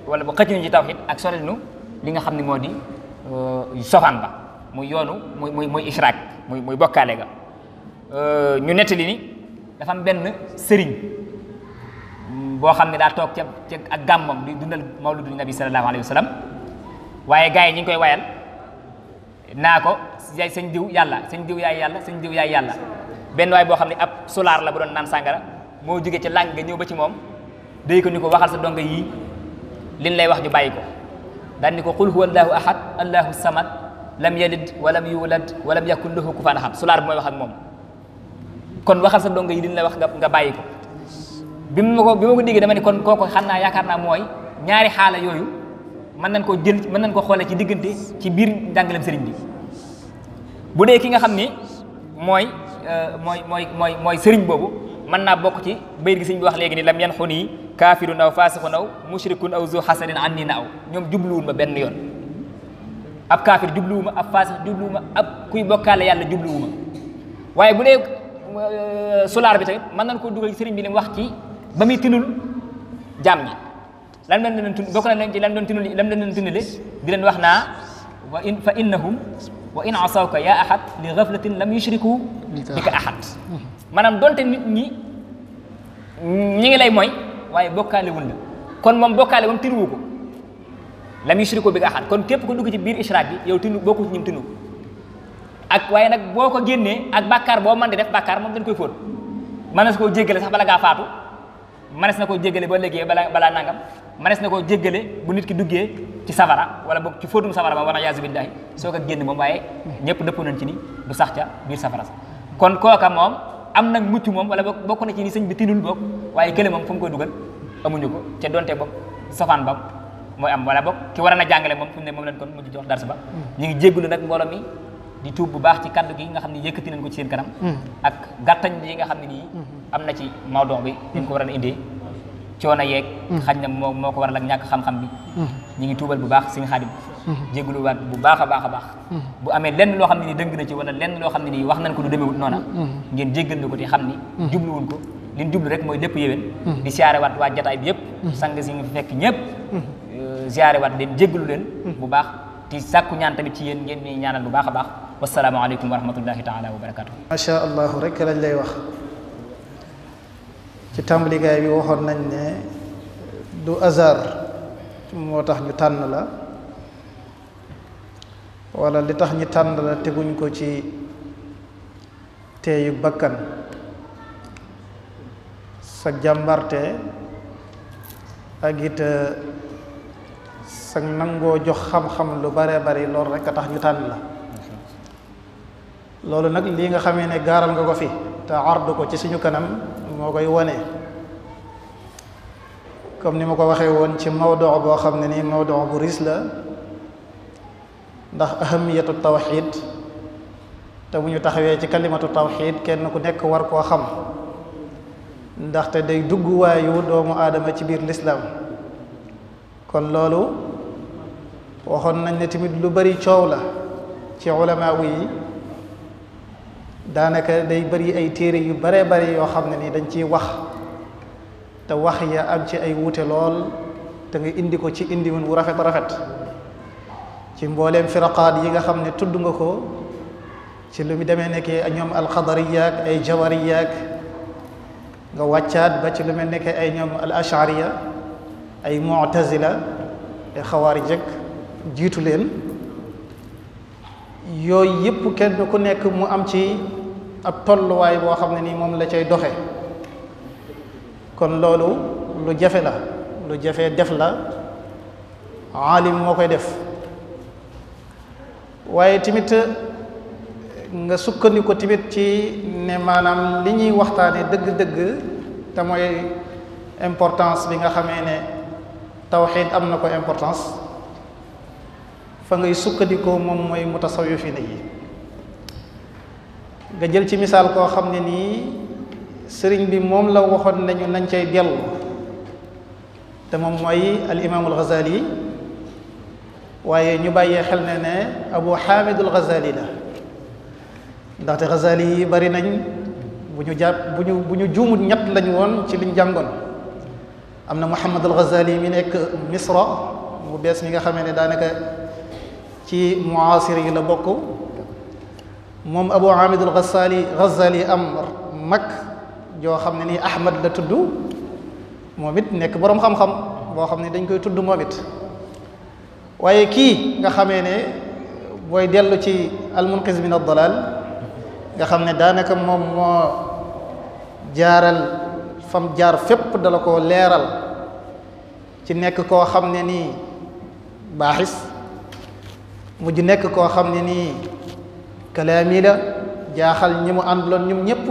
wala bu xëcc nañu ci tawxiid ak sorel nu li nga xam ni moo di euh, sofaan ba muy yoonu muy muy muy ishraak muy muy bokkaale ga Euh, ñu nettali ni dafa am benn sëriñ boo xam ne daa toog ca ak gàmmam di dundal mawludu nabi sallallahu alayhi wa sallam waaye gars yi ñu koy wayal naa ko yaay sëñ diw yàlla sëñ diw yaay yàlla sëñ diw yaay yàlla benn waay boo xam ne ab solaar la bu doon naan sàngara moo jógee ci làng nga ñëw ba ci moom day ko ni ko waxal sa donga yii liñ lay wax ñu bàyyi ko daan ni ko qul huwa allahu ahad allahu samad lam yalid walam yulad walam yakun lahu kufuwan ahad solaar bi mooy wax ak moom kon waxal sa dongo yi dina la wax nga nga bàyyi ko bi ma ko bi ma ko déggee dama ne kon kooku xam naa yaakaar naa mooy ñaari xaala yooyu mën nañ koo jël mën nañ ko xoolee ci diggante ci biir njàngaleem sëriñ bi
bu dee ki nga xam ni
mooy euh, mooy mooy mooy mooy sëriñ boobu mën naa bokk ci bayit gi sëriñ bi wax léegi ni lam yan xu nii naw aw faasixun aw mushrikun aw zu xasadin an nii na aw ñoom jubluwul ma benn yoon ab kaafir jubluwu ma ab faasix jubluwu ma ab kuy bokkaale yàlla jubluwu Euh, sulaar bi tamit mën nañ koo dugal sëriñ bi li wax ci ba muy tinul jaam ñi lan lañ leen tun bokk nañ ci lan doon tinule di wax naa wa in fa innahum wa in asawka yaa ahad li ghaflatin lam yushriku bika ahad maanaam donte nit ñi ñi ngi lay mooy waaye bokkaale wun la kon moom bokkaale moom tinuwu ko lam yushriku bika ahad kon képp ko dugg ci biir ishraak bi yow tinu bokku ci ñim tinu ak waaye nag boo ko génnee ak bàkkaar boo mën di def bàkkaar moom dañ koy fóot mënees koo jéggale sax bala ngaa faatu mënees na koo jéggale ba léegi bala balaa nangam mënees na koo jéggale bu nit ki duggee ci safara wala bok ci fóotum safara ba wala yaasu billahi soo ko génn moom waaye ñëpp dëpp nañ ci ni du sax ca biir safara sax kon kooka moom am nag mucc moom wala boog bokk na ci ni sëñ bi tinul boog waaye kële moom fu mu dugal amuñu ko ca donte boog safaan bam mooy am wala boog ki war a na jàngale moom fu mu ne moom lañ kon mujj jox darsa ba hmm. ñu ngi jéggulu nag mbooloo mi di tuub bu baax ci kaddu gi nga xam ne yëkkati nañ ko ci seen kanam. Hmm. ak gàttañ yi nga xam ne nii. Hmm. am na ci Maodo bi. ñu ko waroon a indee coono yeeg. Hmm. xaj na moo moo ko waral ak ñàkk xam-xam bi. ñu ngi tuubal bu baax seen xaadim. jégaluwaat bu baax a baax a baax. bu amee lenn loo xam ne nii dëng na ci wala lenn loo xam ne nii wax nañ ko du demewut noona ngeen jéggal na ko te xam ni. jubluwul ko li ñu jublu rek mooy lépp yéwén. di siyaarewaat waa jataay bi yëpp. sang si ñu fekk ñëpp. Euh, siyaarewaat leen jéggalu leen. bu baax te sàkku ñaan ci yéen ngeen ñuy ñaanal bu baax a baax wasalaamaaleykum wa rahmatullahi taala wa barakaatu.
macha allah rek lañ lay wax ci bi waxoon nañ ne du hasard moo tax ñu tànn la wala li tax ñu tànn la teguñu ko ci teeyu bakkan sa jàmbarte ak it euh, sa nangoo jox xam-xam lu bare bari loolu rek a tax ñu tànn la. loolu nag lii nga xamee ne gaaral nga ko fi te ardu ko ci suñu kanam moo koy wane comme ni ma ko waxee woon ci mawdoo boo xam ne nii mawdoo bu riis la ndax ahamiyatu tawxid te bu ñu taxawee ci kalimatu tawxid kenn ku nekk war koo xam ndaxte day dugg waayu doomu aadama ci biir lislaam kon loolu waxoon nañ ne tamit lu bari coow la ci ulamaa yi daanaka day bëri ay téere yu bare bare yoo xam ne nii dañ ciy wax te wax ya am ci ay wuute lool te nga indi ko ci indi bu rafet rafet ci mbooleem firaqaat yi nga xam ne tudd nga ko ci lu mu demee nekkee ñoom alxadariya ay jawariya ak nga wàccaat ba ci lu nekkee ay ñoom al ashariya ay mu'tazila ay xawaarij ak jiitu leen yooyu yëpp kenn ku nekk mu am ci ab tolluwaay boo xam ne nii moom la cay doxe kon loolu lu jafe la lu jafe def la aalim moo koy def waaye tamit nga sukkandiku tamit ci ne maanaam li ñuy waxtaane dëgg-dëgg te mooy importance bi nga xamee ne tawxiid am na ko importance fa ngay sukkandikoo moom mooy mutasawwifiin yi nga jël ci misaal koo xam ne nii sëriñ bi moom la waxoon nañu nañ cay dellu te moom mooy al imaamul Ghazali waaye ñu bàyyee xel ne ne Abu Hamidul Ghazali la ndaxte Ghazali yi bari nañ bu ñu jàpp bu ñu bu ñu juumut ñett lañ woon ci liñ jàngoon am na Muhammadul Ghazali mi nekk Misra mu bees mi nga xamee ne daanaka ci muasir yi la bokk moom Abu Hamid al Ghazali am mag joo xam ne ni Ahmad la tudd moomit nekk boroom xam-xam boo xam ne dañ koy tudd moom waaye kii nga xamee ne booy dellu ci almunqis min ad-dalal nga xam ne daanaka moom moo jaaral fam jaar fépp dala ko leeral ci nekk koo xam ne nii baaxis mujj nekk koo xam ne nii kalaam yi la jaaxal ñi mu ànduloon ñoom ñëpp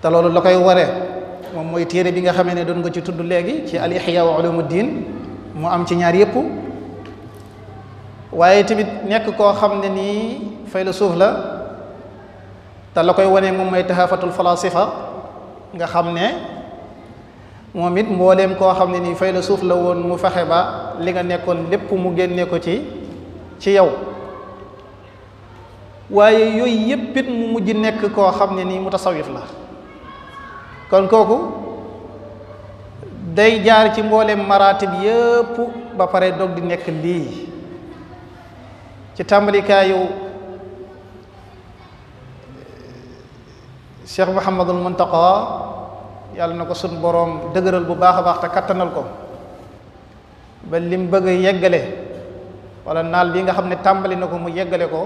te loolu la koy ware moom mooy téere bi nga xamee ne doon nga ci tudd léegi ci al ihya mu diin mu am ci ñaar yépp waaye tamit nekk koo xam ne nii philosophe la te la koy wane moom mooy tahafatul falasifa nga xam ne moom it mbooleem koo xam ne nii philosophe la woon mu fexe ba li nga nekkoon lépp mu génnee ko ci ci yow waaye yooyu yépp it mu mujj nekk koo xam ne nii mutasawif la kon kooku day jaar ci mbooleem maratib yépp ba pare dog di nekk lii ci tàmbalikaayu cheikh Mouhamadul ko yàlla na ko sun boroom dëgëral bu baax a baax te kattanal ko ba lim bëgg a yeggale wala naal bi nga xam ne tàmbali na ko mu yeggale ko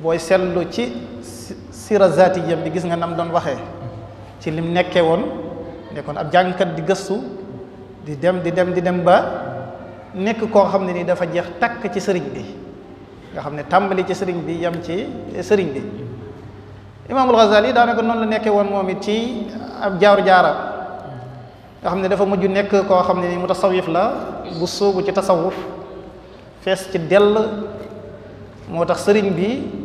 booy seetlu ci sira zatiyam bi gis nga nam doon waxe ci lim nekkee woon nekkoon ab jàngkat di gëstu di dem di dem di dem ba nekk koo xam ne nii dafa jeex takk ci sëriñ bi nga xam ne tàmbali ci sëriñ bi yem ci sëriñ bi imaamul Ghazali daanaka noonu la nekkee woon moom it ci ab jaaru jaara nga xam ne dafa mujj nekk koo xam ne ni mutasawif la bu sóobu ci tasawuf fees ci dell moo tax sëriñ bi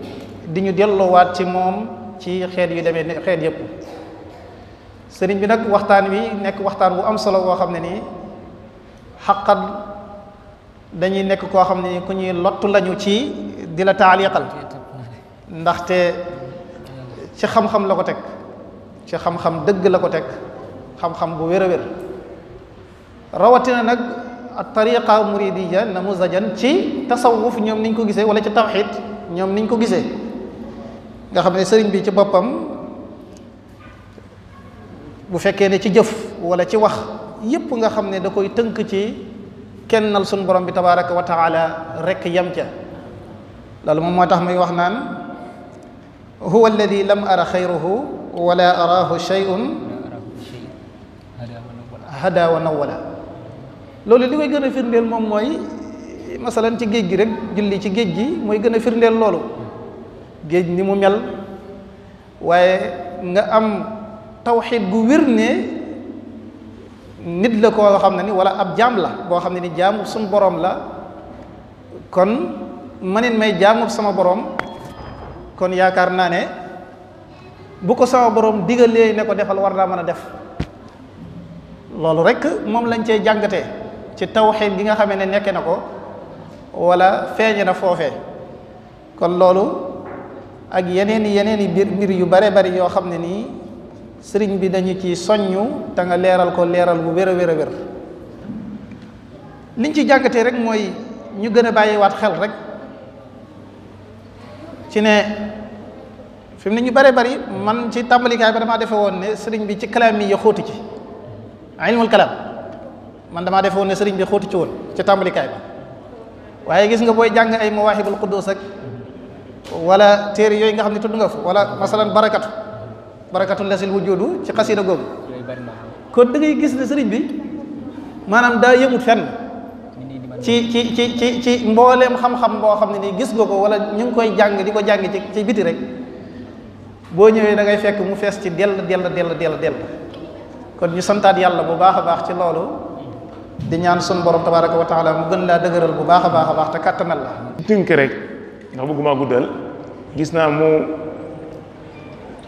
di ñu delloowaat ci moom ci xeet yu demee xeet yépp sëriñ bi nag waxtaan wi nekk waxtaan wu am solo boo xam ne nii xaqat dañuy nekk koo xam ne ku ñuy lottu lañu ci di la taaliqal ndaxte ci xam-xam la ko teg ci xam-xam dëgg la ko teg xam-xam bu wér a wér rawatina nag at tariqa muridiya namuzajan ci tasawuf ñoom niñ ko gisee wala ci tawxid ñoom niñ ko gisee nga xam ne sëriñ bi ci boppam bu fekkee ne ci jëf wala ci wax yépp nga xam ne da koy tënk ci kennal suñ borom bi tabaraka wa taala rekk yam ca loolu moom moo tax muy wax naan huwa alladi lam ara xayruhu wala araahu shay'un hada wa loolu li koy gën firndeel moom mooy masalan ci géej gi rek julli ci géej gi mooy gën a firndeel loolu géej ni mu mel waaye nga am tawxiid gu wér ne nit la koo xam ne ni wala ab jaam la boo xam ne ni jaamu suñu boroom la kon manit may jaamu sama boroom kon yaakaar naa ne bu ko sama boroom digalee ne ko defal war naa mën a def loolu rek moom lañ cee jàngate ci tawxiid gi nga xamee ne nekke na ko wala feeñe na foofe kon loolu ak yeneen i yeneen i biir mbir yu bare bari yoo xam ne nii sëriñ bi dañu ci soññu te nga leeral ko leeral bu wér a wér a wér liñ ci jàngatee rek mooy ñu gën a bàyyiwaat xel rek ci ne fi mu ne ñu bare bari man ci tàmbalikaay ba damaa defe woon ne sëriñ bi ci kalaam yi xóotu ci ilmul kalaam man damaa defe woon ne sëriñ bi xóotu ci woon ci tàmbalikaay ba waaye gis nga booy jàng ay mawaahibul quddus ak wala téere yooyu nga xam ne tudd nga fa wala masalan barakatu barakatu lasil wujudu ci xasida googu kon da ngay gis ne sëriñ bi maanaam daa yëmut fenn ci ci ci ci ci mbooleem xam-xam boo xam ne nii gis nga ko wala ñu ngi koy jàng di ko jàng ci ci biti rek boo ñëwee da ngay fekk mu fees ci dell dell dell dell dell kon ñu santaat yàlla bu baax baax ci loolu di ñaan sun borom tabaraka wa taala mu gën laa dëgëral bu baax baax baax te kàttanal la
tënk rek ndax bëgguma guddal gis naa mu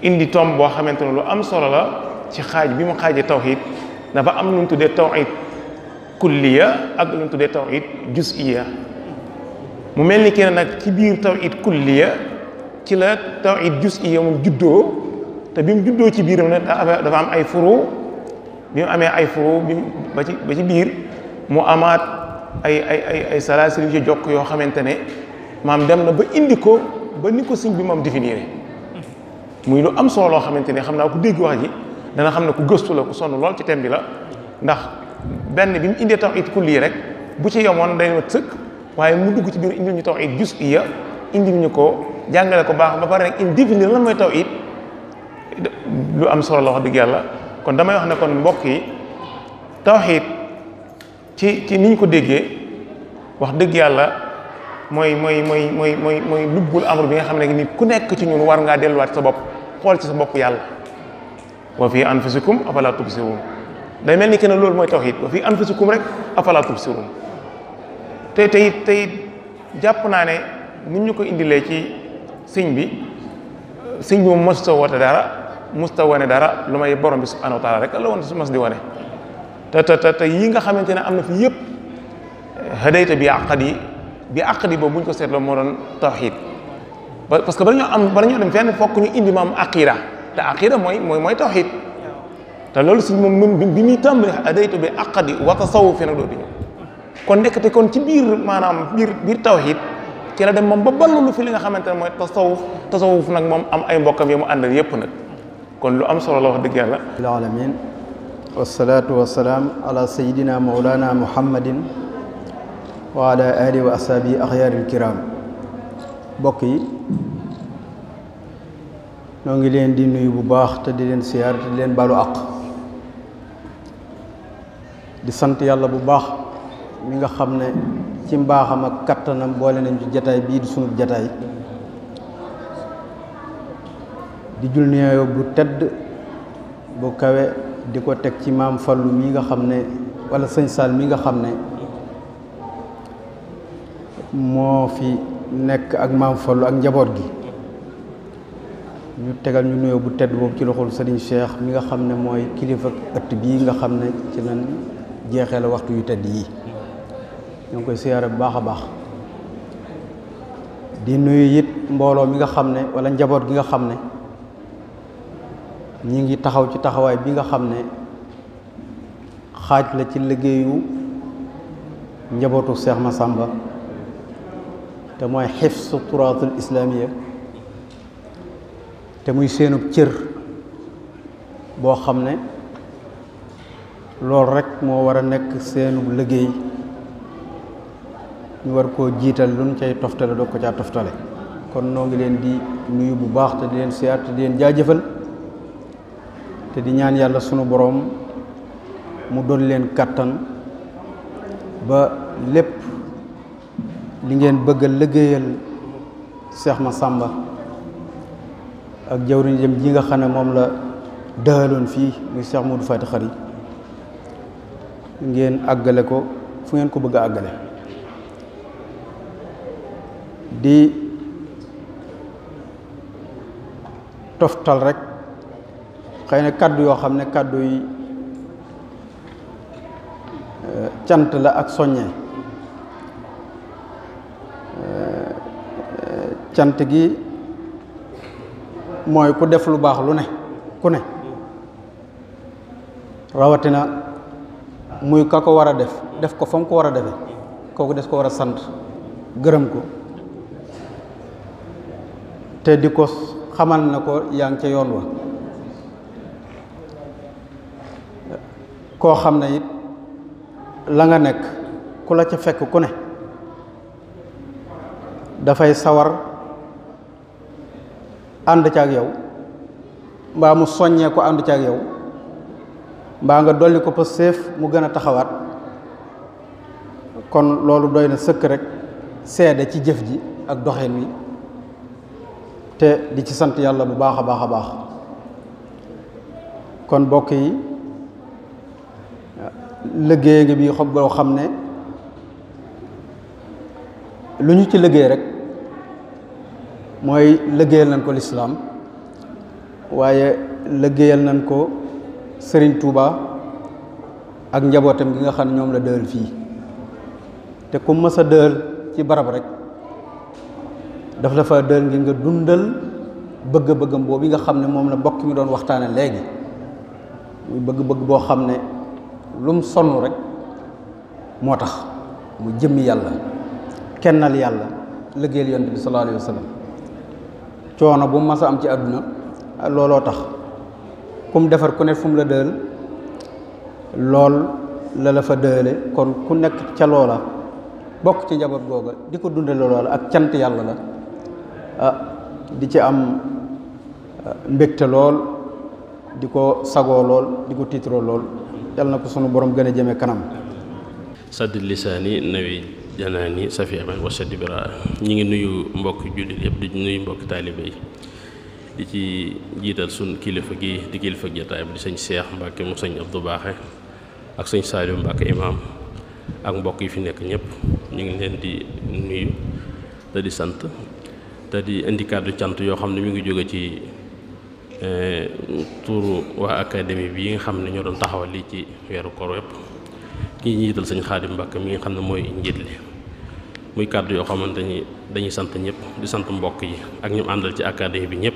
indi tomb boo xamante ne lu am solo la ci xaaj bi mu xaajee tawhid dafa am lu ñu tuddee tawhid kulliya ak lu ñu tuddee tawhid juz'iya mu mel ni kenn nag ci biir tawhid kulliya ci la tawhid juz'iya mu juddoo te bi mu juddoo ci biiram nag dafa am ay furu bi mu amee ay furu bi mu amaat ay ay ay ay salaasil yu ci jokk yoo xamante ne maam dem na ba indi ko ba ni ko siñ bi moom définir muy lu am solo loo xamante ne xam naa ku dégg wax ji dana xam ne ku gëstu la ku sonn ci thème bi la ndax benn bi mu indee tawhid kulli rek bu ci yomoon day mat sëkk waaye mu dugg ci biir indil ñu tawhid juz'iyya indil ñu ko jàngale ko baax ba pare rek indi définir lan mooy lu am solo la wax dëgg yàlla kon damay wax ne kon mbokk yi tawhid ci ci niñ ko déggee wax dëgg yàlla. mooy mooy mooy mooy mooy mooy lubbul amru bi nga xam ne nit ku nekk ci ñun war ngaa delluwaat sa bopp xool ci sa bopp yàlla wa fi anfusikum afala tubsirun day mel ni que ne loolu mooy tawhid wa fi anfusikum rek afala tubsirun te tey tey jàpp naa ne nit ñu indilee ci sëñ bi sëñ bi moom mosuta woote dara mosuta wane dara lu may borom bi subhanahu wa rek la su mos di wane te te yi nga xamante ne am na fi yëpp hadayta bi àqat yi bi aqdi boobu bu ñu ko seetloo moo doon tawxiid parce que bala ñoo am bala ñoo dem fenn fokk ñu indi maam aqira te aqira mooy mooy mooy tawxiid te loolu si moom moom bi muy tàmbali adaytu bi aqdi wa tasawuf fi nag doo di kon nekkate kon ci biir maanaam biir biir tawxiid ci la dem moom ba ballu fi li nga xamante ne mooy tasawuf tasawuf nag moom am ay bokkam yi mu àndal yépp nag kon lu am solo la wax dëgg yàlla
alamin wasalaatu wasalaam ala sayidina maulana muhammadin wa ala alihi wa ashaabi axyaaril kiraam bokk yi noo ngi leen di nuyu bu baax te di leen siyaar te di leen baalu àq di sant yàlla bu baax mi nga xam ne ci mbaaxam ak kattanam boole nañ ci jataay bii di sunu jataay di jul nuyoo bu tedd bu kawe di ko teg ci maam Fallu mii nga xam ne wala sëñ Saal mi nga xam ne moo fi nekk ak maam Fallu ak njaboot gi ñu tegal ñu nuyoo bu tedd boobu ci loxol sëriñ Cheikh mi nga xam ne mooy kilifa ëtt bii nga xam ne ci lañ jeexee la waxtu yu tedd yi ñoo ngi koy siyaare bu baax a baax di nuyu it mbooloo mi nga xam ne walla njaboot gi nga xam ne ñi ngi taxaw ci taxawaay bi nga xam ne xaaj la ci liggéeyu njabootu ma Massamba te mooy xifsu turaatul islaamiya te muy seenub cër boo xam ne loolu rekk moo war a nekk seenub liggéey ñu war koo jiital lu ñu cay toftale doo ko caa toftale kon noo ngi leen di nuyu bu baax te di leen siyaar te di leen jaajëfal te di ñaan yàlla sunu boroom mu doon leen kàttan ba lépp li ngeen bëgg a liggéeyal ma sàmba ak jawriñ jëm ji nga xam ne moom la dëhaloon fii muy Cheikh Modou Fati Xari ngeen àggale ko fu ngeen ko bëgg a àggale di toftal rek xëy na kàddu yoo xam ne kàddu yi euh, cant la ak soññee cant gi mooy ku def lu baax lu ne ku ne rawatina muy ka ko war a def def ko fa mu ko war a defe kooku des ko war a sant gërëm ko te di ko xamal na ko yaa ngi ca yoon wa koo xam ne it la nga nekk ku la ca fekk ku ne dafay sawar ànd ca ak yow mbaa mu soññee ko ànd ca ak yow mbaa nga dolli ko pas séef mu gën a taxawaat kon loolu doy na sëkk rek seede ci jëf ji ak doxeen wi te di ci sant yàlla bu baax a baax a baax kon bokk yi liggéey bi xob boo xam ne lu ñu ci liggéey rek mooy liggéeyal nañ ko lislaam waaye liggéeyal nañ ko Sëriñ Tuuba ak njabootam gi nga xam ne ñoom la dëël fii te ku mës a dëël ci barab rek daf la fa dëël ngir nga dundal bëgg-bëggam boobu yi nga xam ne moom la mbokk mi doon waxtaane léegi muy bëgg-bëgg boo xam ne lum sonn rek moo tax mu jëmmi yàlla kennal yàlla liggéeyal yonent bi sallallahu alayhi wa sallam coono bu mu mas a am ci àdduna looloo tax kum defar ku ne fu mu la dël lool la la fa dële kon ku nekk ca loola bokk ci njaboot googa di ko dundale loola ak cant yàlla la ah di ci am ah, mbégte lool di ko sagoo lool di ko tiitroo lool yàlla na ko sunu borom gën a jëme kanam
sadd lisaani nawi janaani safi aman wasa dibra ñu ngi nuyu mbokk jullit yëpp di nuyu mbokk taalibe yi di ci jiital suñ kilifa gi di kilifa jataayam di sëñ Seex Mbàkke mu sañ sëñ Abdu Baaxe ak sëñ Saaliu Mbàkke imaam ak mbokk yi fi nekk ñëpp ñu ngi leen di nuyu di sant te di indi kàddu cant yoo xam ne mi ngi jóge ci eh, tuuru waa académie bi yi nga xam ne ñoo doon taxawal li ci weeru koor yëpp ki njiital sëñ Xaadim Mbàkke mi nga xam ne mooy njiit li muy kàddu yoo xamante ni dañuy sant ñëpp di sant mbokk yi ak ñu àndal ci académie bi ñëpp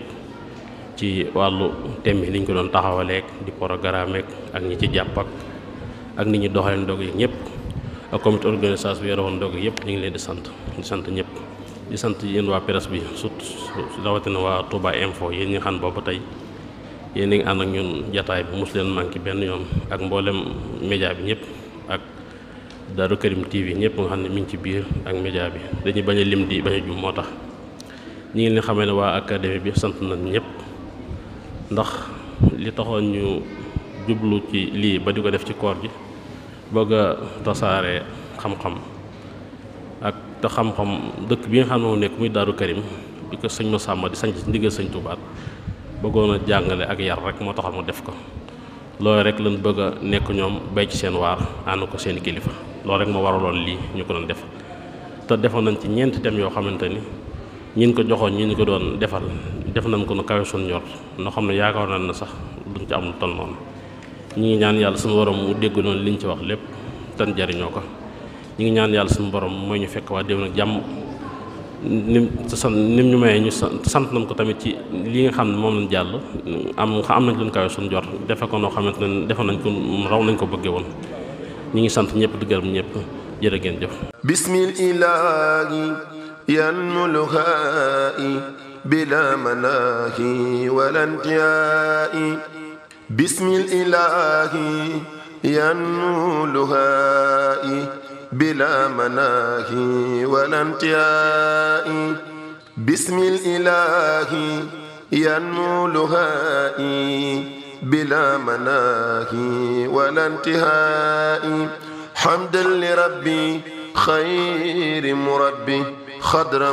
ci wàllu thème bi liñ ko doon taxawaleek di programme ak ñi ci jàpp ak ak ni ñu doxalee ndog yi ñëpp ak comité organisation bi yore woon ndog yëpp ñu ngi leen di sant di sant ñëpp di sant yéen waa presse bi surtout rawatina waa Touba Info yéen ñi xam boobu tey yéen a ànd ak ñun jataay bi mos leen manqué benn yoon ak mbooleem média bi ñëpp. Daaru Karim TV ñëpp nga xam ne mi ngi ci biir ak média bi dañuy bañ a lim di bañ a jum moo tax ñi ngi leen xamee ne waa académie bi sant nañ ñëpp ndax li taxoon ñu jublu ci lii ba di ko def ci koor gi bëgg a tasaare xam-xam ak te xam-xam dëkk bi nga xam ne moo nekk muy Daaru Karim bi ko sëñ Masamba di sanc ci ndigal sëñ Tuubaa bëggoon a jàngale ak yar rek moo taxoon mu def ko loolu rek lañ bëgg a nekk ñoom bay ci seen waar ànd ko seen kilifa loolu rek moo waraloon lii ñu ko doon def te defoon nañ ci ñeenti thèmes yoo xamante ni ñin ko joxoon ñi ñu ko doon defal def nañ ko nu kawe suñ ñor noo xam ne yaakaar nañ na sax duñ ci am lu toll noonu ñaan yàlla suñu borom mu dégg noonu liñ ci wax lépp tan jariñoo ko ñi ngi ñaan yàlla suñu borom mooy ñu fekk waa déwén ak jàmm nim sant nim ñu mayee ñu sant nañ ko tamit ci li nga xam moom lañ jàll am am nañ luñ kawe suñ jor defe ko noo xamante ne defe nañ ko raw nañ ko bëggee woon ñi ngi sant ñëpp di gërëm ñëpp jërë ngeen jëf
bismil ilaahi yan bila manaahi wala intihaa'i bismil ilaahi yan mulhaa'i bila manaahi wala intihaa'i bismil ilaahi yan mulhaa'i بلا مناهي ولا انتهاء حمدا لربي خير مربي خضرا